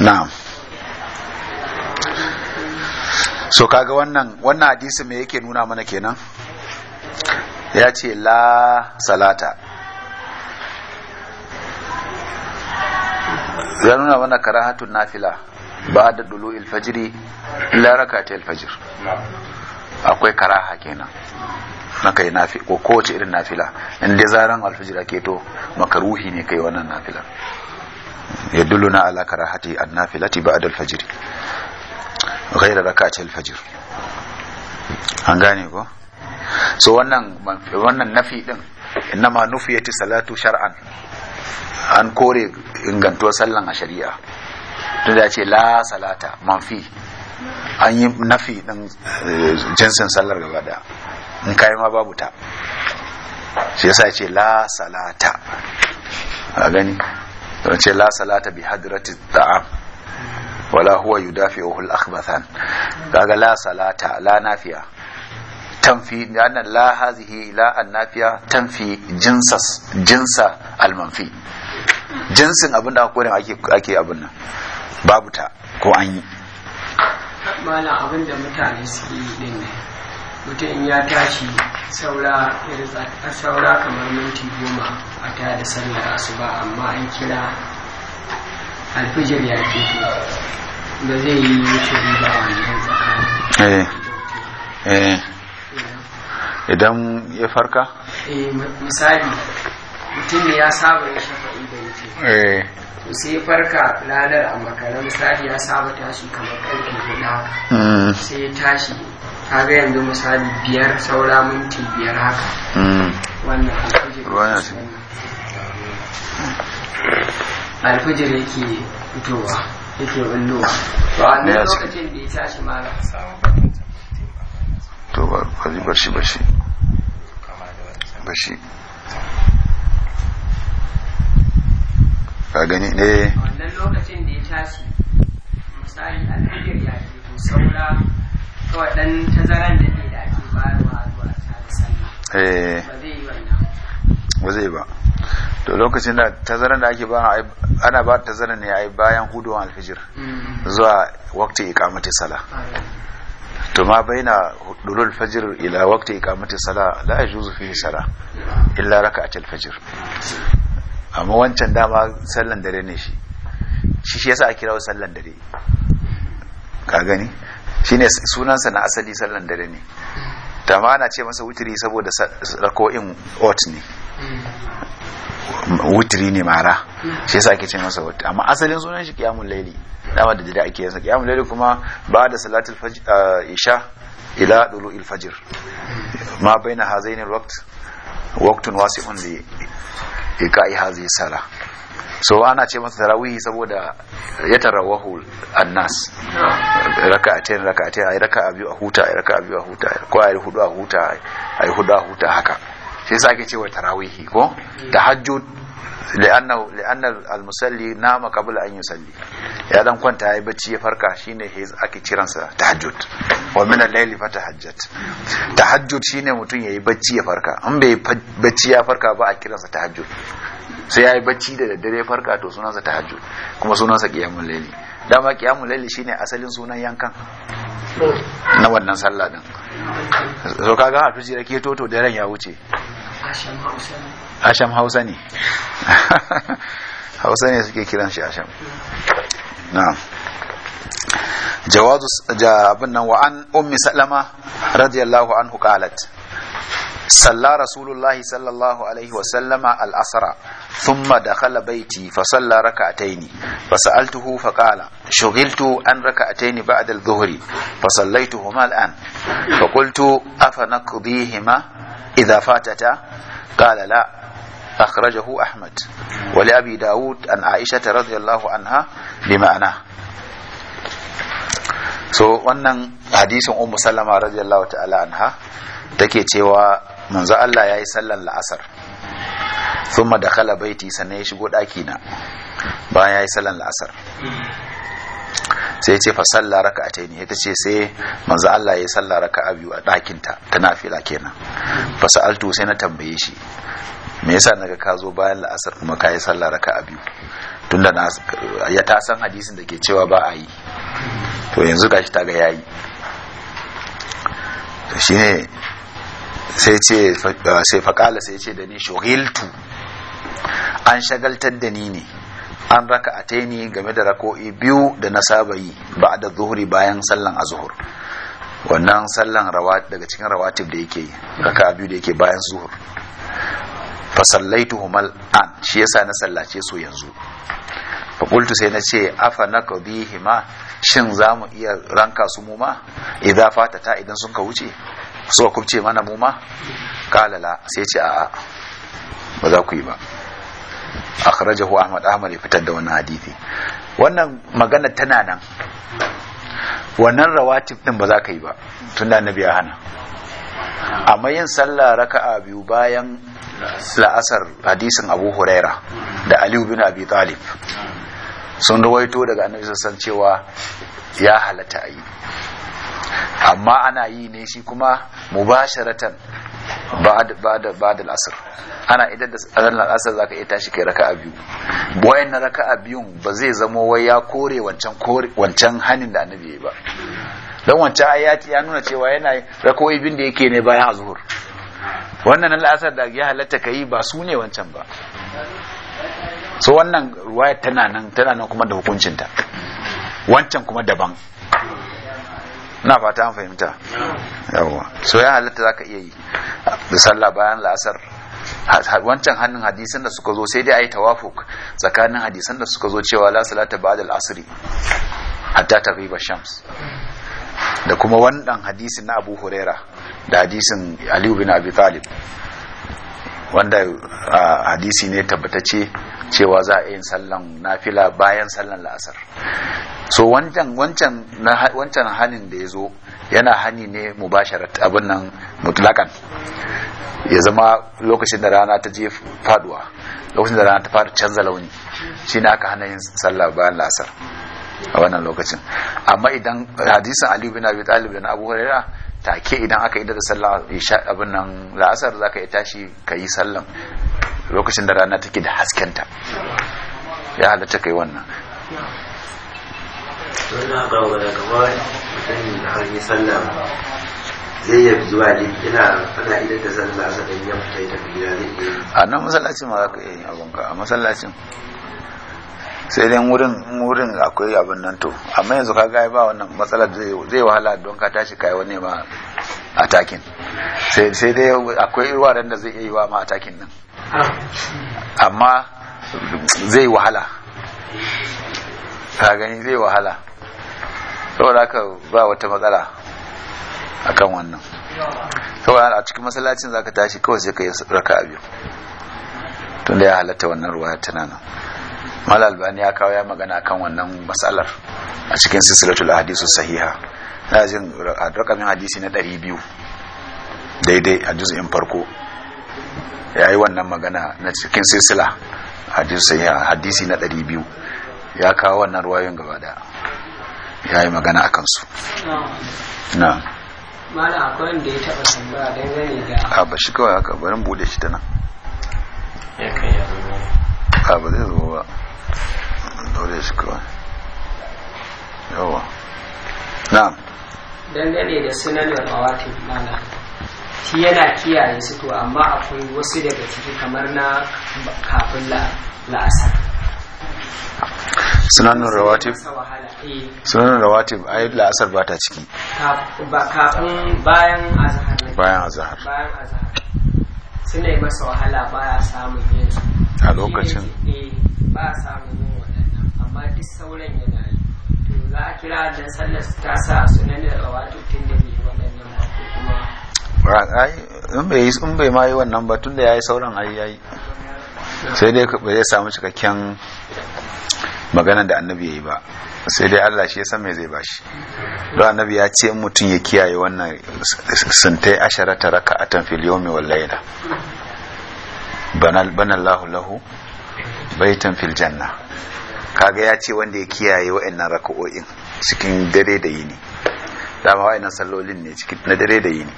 na'am so kaga wannan wannan hadisi me yake nuna mana kenan ya ce la salata ya nuna mana karahatun nafila ba da dulu ilfajiri la raka ta ilfajir akwai karaha kenan na kai nafi ko kowace irin nafila inda zaren alfajir ake to makaruhi ne kai wannan nafila ya na ala karahati an nafilati ba da alfajiri غير ركعه الفجر an gane ko so wannan wannan nafi din innama nufiyati salatu shar'an an kore ingantuwa sallan a shari'a tun da ce la salata manfi an yi nafi din eh, jinsin sallar gaba da in kai ma babu ta shi yasa ce la salata a gani don ce la salata bi hadratit ta'am wala huwa yudafi'uhu al-akhbathan kaga la salata la nafiya tanfi anna la hazihi la annafiya tanfi jinsas jinsa al-manfi jinsin abinda aka aka ake ake abin nan babu ta ko an yi malam abin da mutane suke yi din ne mutum ya tashi saura saura kamar minti goma a tare da sallar asuba amma an kira alfijir ya ce ba zai yi wuturi ba wannan eh, eh. idan ya farka eh, misali mutum ya saba ya shafa inda ya ce. to sai farka ranar a makara misali ya saba tashi kamar karfe guda mm. sai ya tashi ta ga yanzu misali biyar saura minti biyar haka mm. wannan alfijir ya ce alfijir yake fitowa yake bullowa to a nan lokacin da ya tashi mala to ba bari bashi bashi bashi ka gani eh wannan lokacin da ya tashi misali alfijir ya ke fito saura kawai dan tazaran da ne da ake bayarwa zuwa ta sallah eh ba zai yi wannan ba zai ba to lokacin da tazaran da ake ba ana ba tazaran ne ai bayan huduwan alfijir mm. zuwa waqti iqamati sala to ma baina dulul fajr ila waqti iqamati sala la yajuzu fihi sala illa rak'at alfajr amma wancan dama sallan dare ne shi shi shi yasa a kirawo sallan dare ka gani shine sunansa na asali sallan dare ne dama ma ana ce masa wutiri saboda rako'in ot ne wutiri ne mara hmm. shi yasa ake ce masa wutiri amma asalin sunan shi kiyamul laili dama da dare ake yasa kiyamul laili kuma ba da salatul fajr ah, isha ila dulu'il fajr hmm. ma baina hazainil waqt waqtun wasi'un li ikai hazi sala. so ana ce masa tarawih saboda ya tarawahu annas hmm. raka'atain raka'atain ay raka'a biyu a huta ay raka'a biyu a huta ko ay hudu a huta ay hudu a huta haka shi yasa ake cewa tarawihi ko da li'anna li'anna al-musalli nama qabla an yusalli ya dan kwanta yayi bacci ya farka shine ake sa tahajjud wa min al-layli tahajjat tahajjud shine mutum yayi bacci ya farka in bai bacci ya farka ba a sa tahajjud sai yayi bacci da daddare ya farka to sa tahajjud kuma sunansa qiyamul layli dama qiyamul layli shine asalin sunan yankan na wannan sallah din so kaga a turji ke toto da ran ya wuce asham hausa ne hausa ne suke kiran shi asham na'am jawazu abin nan wa an ummi salama radiyallahu anhu qalat صلى رسول الله صلى الله عليه وسلم الأسرى ثم دخل بيتي فصلى ركعتين فسألته فقال شغلت عن ركعتين بعد الظهر فصليتهما الآن فقلت أفنقضيهما إذا فاتتا قال لا أخرجه أحمد ولأبي داود عن عائشة رضي الله عنها بمعناه so wannan hadisin ummu sallama radiyallahu ta'ala anha take cewa manzo Allah ya yi sallar la'asar thumma kala baiti sannan ya shigo daki na bayan ya yi sallar la'asar sai ce fa salla raka ta ne ita ce sai manzo Allah ya sallah raka a biyu a ɗakinta ta nafila kenan fa sa'altu sai na tambaye shi me yasa naga ka zo bayan la'asar kuma ka yi sallah raka a biyu tunda na ya ta san hadisin da ke cewa ba a yi to yanzu gashi ta ga yayi shi shine sai ce sai faƙala sai ce da ni shohiltu an shagaltar da ni ne an raka a taini game da rako'i biyu da na saba yi ba da zuhuri bayan sallan a zuhur wannan sallan daga cikin rawatib da yake raka biyu da yake bayan zuhur fa sallaitu humal an shi yasa na sallace su yanzu fa sai na ce afa nakdihima shin zamu iya ranka su mu ma idza fatata idan sun ka wuce suka ce mana mu ma la sai ce a'a ba za ku yi ba akhrajahu ahmad ahmad ya fitar da wannan hadisi wannan magana tana nan wannan rawatib din ba za ka yi ba tunda annabi ya hana amma yin sallah raka'a biyu bayan la'asar hadisin abu huraira da aliyu bin abi talib sun rawaito daga annabi sassan cewa ya halatta a yi amma ana yi ne shi kuma mubasharatan ba'da ba'da al-asr ana idan da azan al-asr zaka iya tashi kai raka'a biyu na raka'a biyu ba zai zamo wai ya kore wancan kore da annabi ba dan wancan ayati ya nuna cewa yana rakoi bin da yake ne bayan azhur wannan al-asr da ya halatta kai ba su ne wancan ba so wannan ruwaya tana nan tana nan kuma da hukuncinta wancan kuma daban na fata an fahimta yawa so ya halatta zaka iya yi da sallah bayan la'asar wancan hannun hadisan da suka zo sai dai ayi tawafuk tsakanin hadisan da suka zo cewa la salata ba'da al-asri hatta taghiba shams da kuma wannan hadisin na Abu Huraira da hadisin Aliyu bin Abi Talib wanda hadisi ne tabbatacce cewa za a yin sallan nafila bayan sallan la'asar so wancan wancan hanin da ya zo yana hani ne mu abin nan mutlakan ya zama lokacin da rana ta je faduwa lokacin da rana ta fara canza launi shi ne aka hana yin sallar bayan la'asar a wannan lokacin amma idan hadisan Aliyu bin Abi Talib da Abu hurera take idan aka yi da sallah ya sha abin nan la'asar zaka yi tashi ka yi sallan lokacin da rana take da haskenta ta ya halatta kai wannan wannan ga wani gaba mutum har yi sallan zai yi zuwa jikina yana fana idan da sallan la'asar da yin yamfuta ita gida zai a nan masallacin ma za ka yi abin ka a masallacin sai dai wurin wurin akwai abin nan to amma yanzu ka gaya ba wannan matsalar zai wahala don ka tashi kai wani ma atakin sai sai dai akwai dan da zai iya yi wa ma atakin nan amma zai wahala ka gani zai wahala saboda haka ba wata matsala akan wannan saboda a cikin masallacin zaka tashi kawai sai ka yi raka'a biyu tunda ya halatta wannan ruwa ta nan mal albani ya kawo ya magana kan wannan matsalar a cikin silsilatul hadisu sahiha na jin rakamin hadisi na 200 daidai a juz'in farko ya yi wannan magana na cikin silsila hadisi na 200 ya kawo wannan ruwayoyin gaba da ya yi magana a kansu na mana akwai wanda ya taɓa tambaya dangane da a ba shi kawai haka barin bude shi ta nan ya kai ya zo ba ba zai zo ba dole kawai yawa na'am dangane da sunanin rawatin mana shi yana kiyaye su to amma akwai wasu daga ciki kamar na kafin la'asar sunanin rawatib sunanin eh. rawatib ai la'asar ba ta ciki kafin bayan azhar bayan azahar, bayan azhar suna yi masa wahala baya samun yin a lokacin ba samun yin waɗannan amma duk sauran yana yi to za a kira da sallar ta sa su nan da rawatu tun da bai waɗannan ba ko kuma in bai in bai ma yi wannan ba tun da ya yi sauran ayi yayi sai dai ba zai samu cikakken maganar da annabi ya yi ba sai dai Allah shi ya san me zai bashi don annabi ya ce mutum ya kiyaye wannan suntai asharata raka'atan fil yawmi wal layla banallahu lahu baitun fil janna kaga ya ce wanda ya kiyaye wa'annan raka'o'in cikin dare da yini dama wa'annan sallolin ne cikin na dare da yini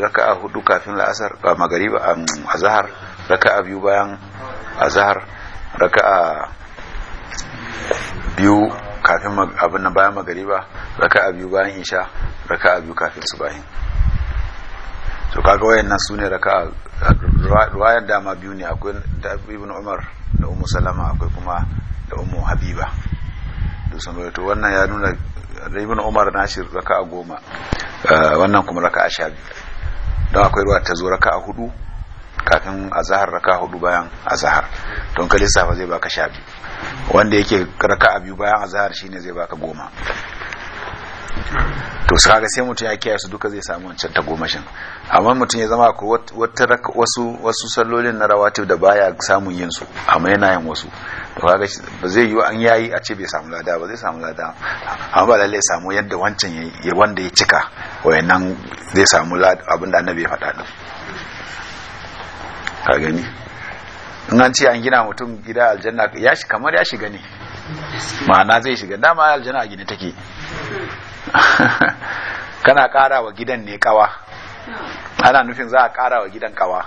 raka'a hudu kafin la'asar ba magariba an azhar raka'a biyu bayan azhar raka'a biyu kafin abin bayan magariba raka'a biyu bayan isha raka'a biyu kafin subahin to kaga wayan nan sune raka ruwayar dama biyu ne akwai da ibn umar da umu salama akwai kuma da umu habiba da sun rawaito wannan ya nuna da ibn umar na shi raka goma eh, wannan kuma raka a sha biyu don akwai ruwa ta zo raka a hudu kafin azahar raka hudu bayan zahar. don ka lissafa zai baka sha biyu wanda yake raka a biyu bayan azahar shine zai baka goma to ga sai mutum ya kiyaye su duka zai samu wancan ta goma shin amma mutum ya zama ko wasu wasu sallolin na rawatib da baya samun yin su amma yana yin wasu to kaga ba zai yi an yayi a ce bai samu lada ba zai samu lada amma ba lalle samu yadda wancan ya wanda ya cika wayannan zai samu abin da annabi ya faɗa din ka gani in an ce an gina mutum gida aljanna ya shi kamar ya shiga ne ma'ana zai shiga dama aljanna a gine take kana kara wa gidan ne kawa ana nufin za a kara wa gidan kawa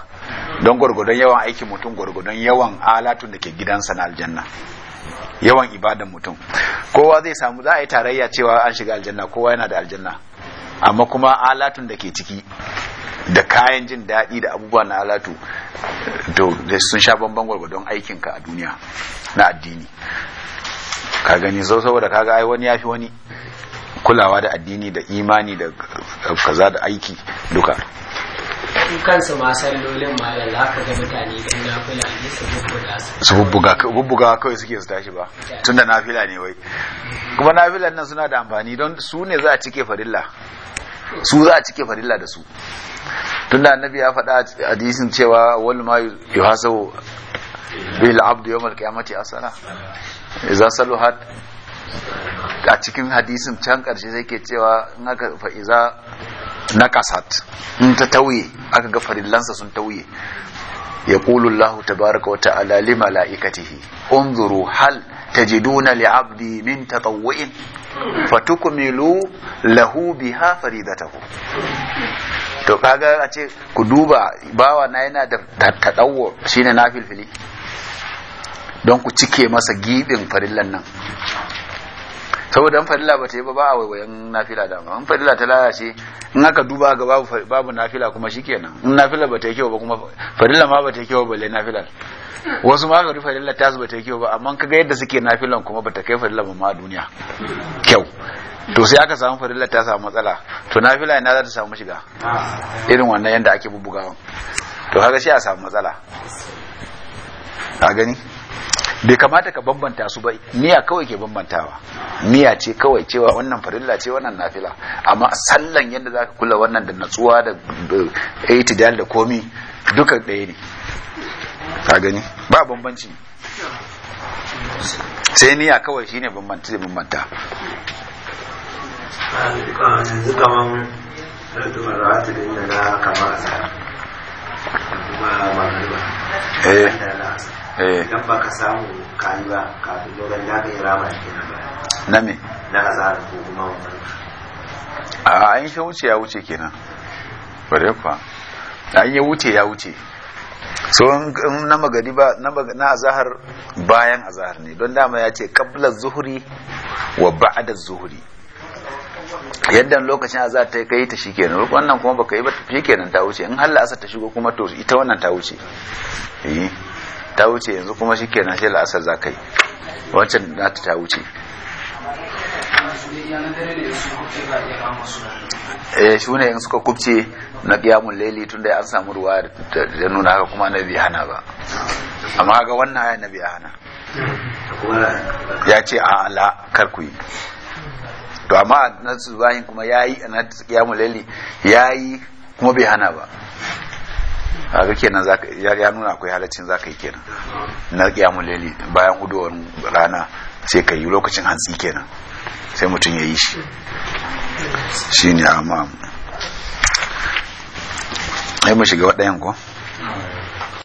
don gwargwadon yawan aikin mutum gwargwadon yawan alatun da ke gidansa na aljanna yawan ibadan mutum kowa zai samu za a yi tarayya cewa an shiga aljanna kowa yana da aljanna amma kuma alatun da ke ciki da kayan jin daɗi da abubuwa na alatu to sun sha bamban gwargwadon aikinka a duniya na addini ka gani sau saboda kaga ai wani ya fi wani kulawa da addini da imani da kaza da aiki duka su kansu ma sallolin ma da ga mutane ne su bubbuga su su bubbuga kawai suke su tashi ba tunda nafila ne wai kuma nafilan nan suna da amfani don su ne za a cike farilla su za a cike farilla da su tunda annabi ya faɗa hadisin cewa wal ma yuhasabu bil abdu yawmal qiyamati Iza idza saluhat a cikin hadisin can karshe zai ke cewa in aka fa'iza na kasat in ta tauye aka ga farillansa sun tauye ya ƙulullahu baraka wata alali mala'ikatihi unzuru hal tajiduna li'abdi min tatawwa'in fatukumilu lahu biha faridatahu to kaga a ce ku duba bawa na yana da tadawwa shine filfili don ku cike masa gibin farillan nan saboda an fadila ba ta yi ba ba a waiwayen nafila dama an fadila ta lalace in aka duba ga babu babu nafila kuma shikenan in nafila ba ta yi kyau ba kuma fadila ma ba ta yi kyau ba lai nafila wasu ma ga fadila ta ba ta yi kyau ba amma kaga yadda suke nafilan kuma ba ta kai fadila ba ma a duniya kyau to sai aka samu fadila ta samu matsala to nafila ina za ta samu shiga irin wannan yadda ake bubbugawa to kaga sai a samu matsala a gani bai kamata ka bambanta su ba miya kawai ke bambantawa miya ce kawai cewa wannan farilla ce wannan nafila amma sallan yadda zaka kula wannan da natsuwa da itidal da komi duka ɗaya ne ka gani ba bambanci sai niyya kawai shine bambanta da bambanta yanzu Eh. idan ba ka samu kayi ba kafin dogon ya kai yi rama shi kenan ba na me na azara ko kuma wannan a an shi wuce ya wuce kenan bare kuwa an yi wuce ya wuce so na ba na azahar bayan azahar ne don dama ya ce kabla zuhuri wa ba'da zuhuri yadda lokacin azahar ta kai ta shi shikenan wannan kuma baka yi ba kenan ta wuce in har la'asar ta shigo kuma to ita wannan ta wuce eh ta wuce yanzu kuma shi kenan sai la'asar za ka yi wancan na ta wuce eh shi ne yanzu suka kubce na kiyamun laili tun da an samu ruwa da nuna haka kuma na biya hana ba amma ga wannan haya na biya hana ya ce a ala karku yi to amma na zubahin kuma ya yi na kiyamun laili ya yi kuma bai hana ba kaga kenan ya nuna akwai halaccin za ka yi kenan na kiyamun leli bayan huduwar rana sai ka yi lokacin hantsi kenan sai mutum ya yi shi shi ne amma ai mu shiga ɗayan ko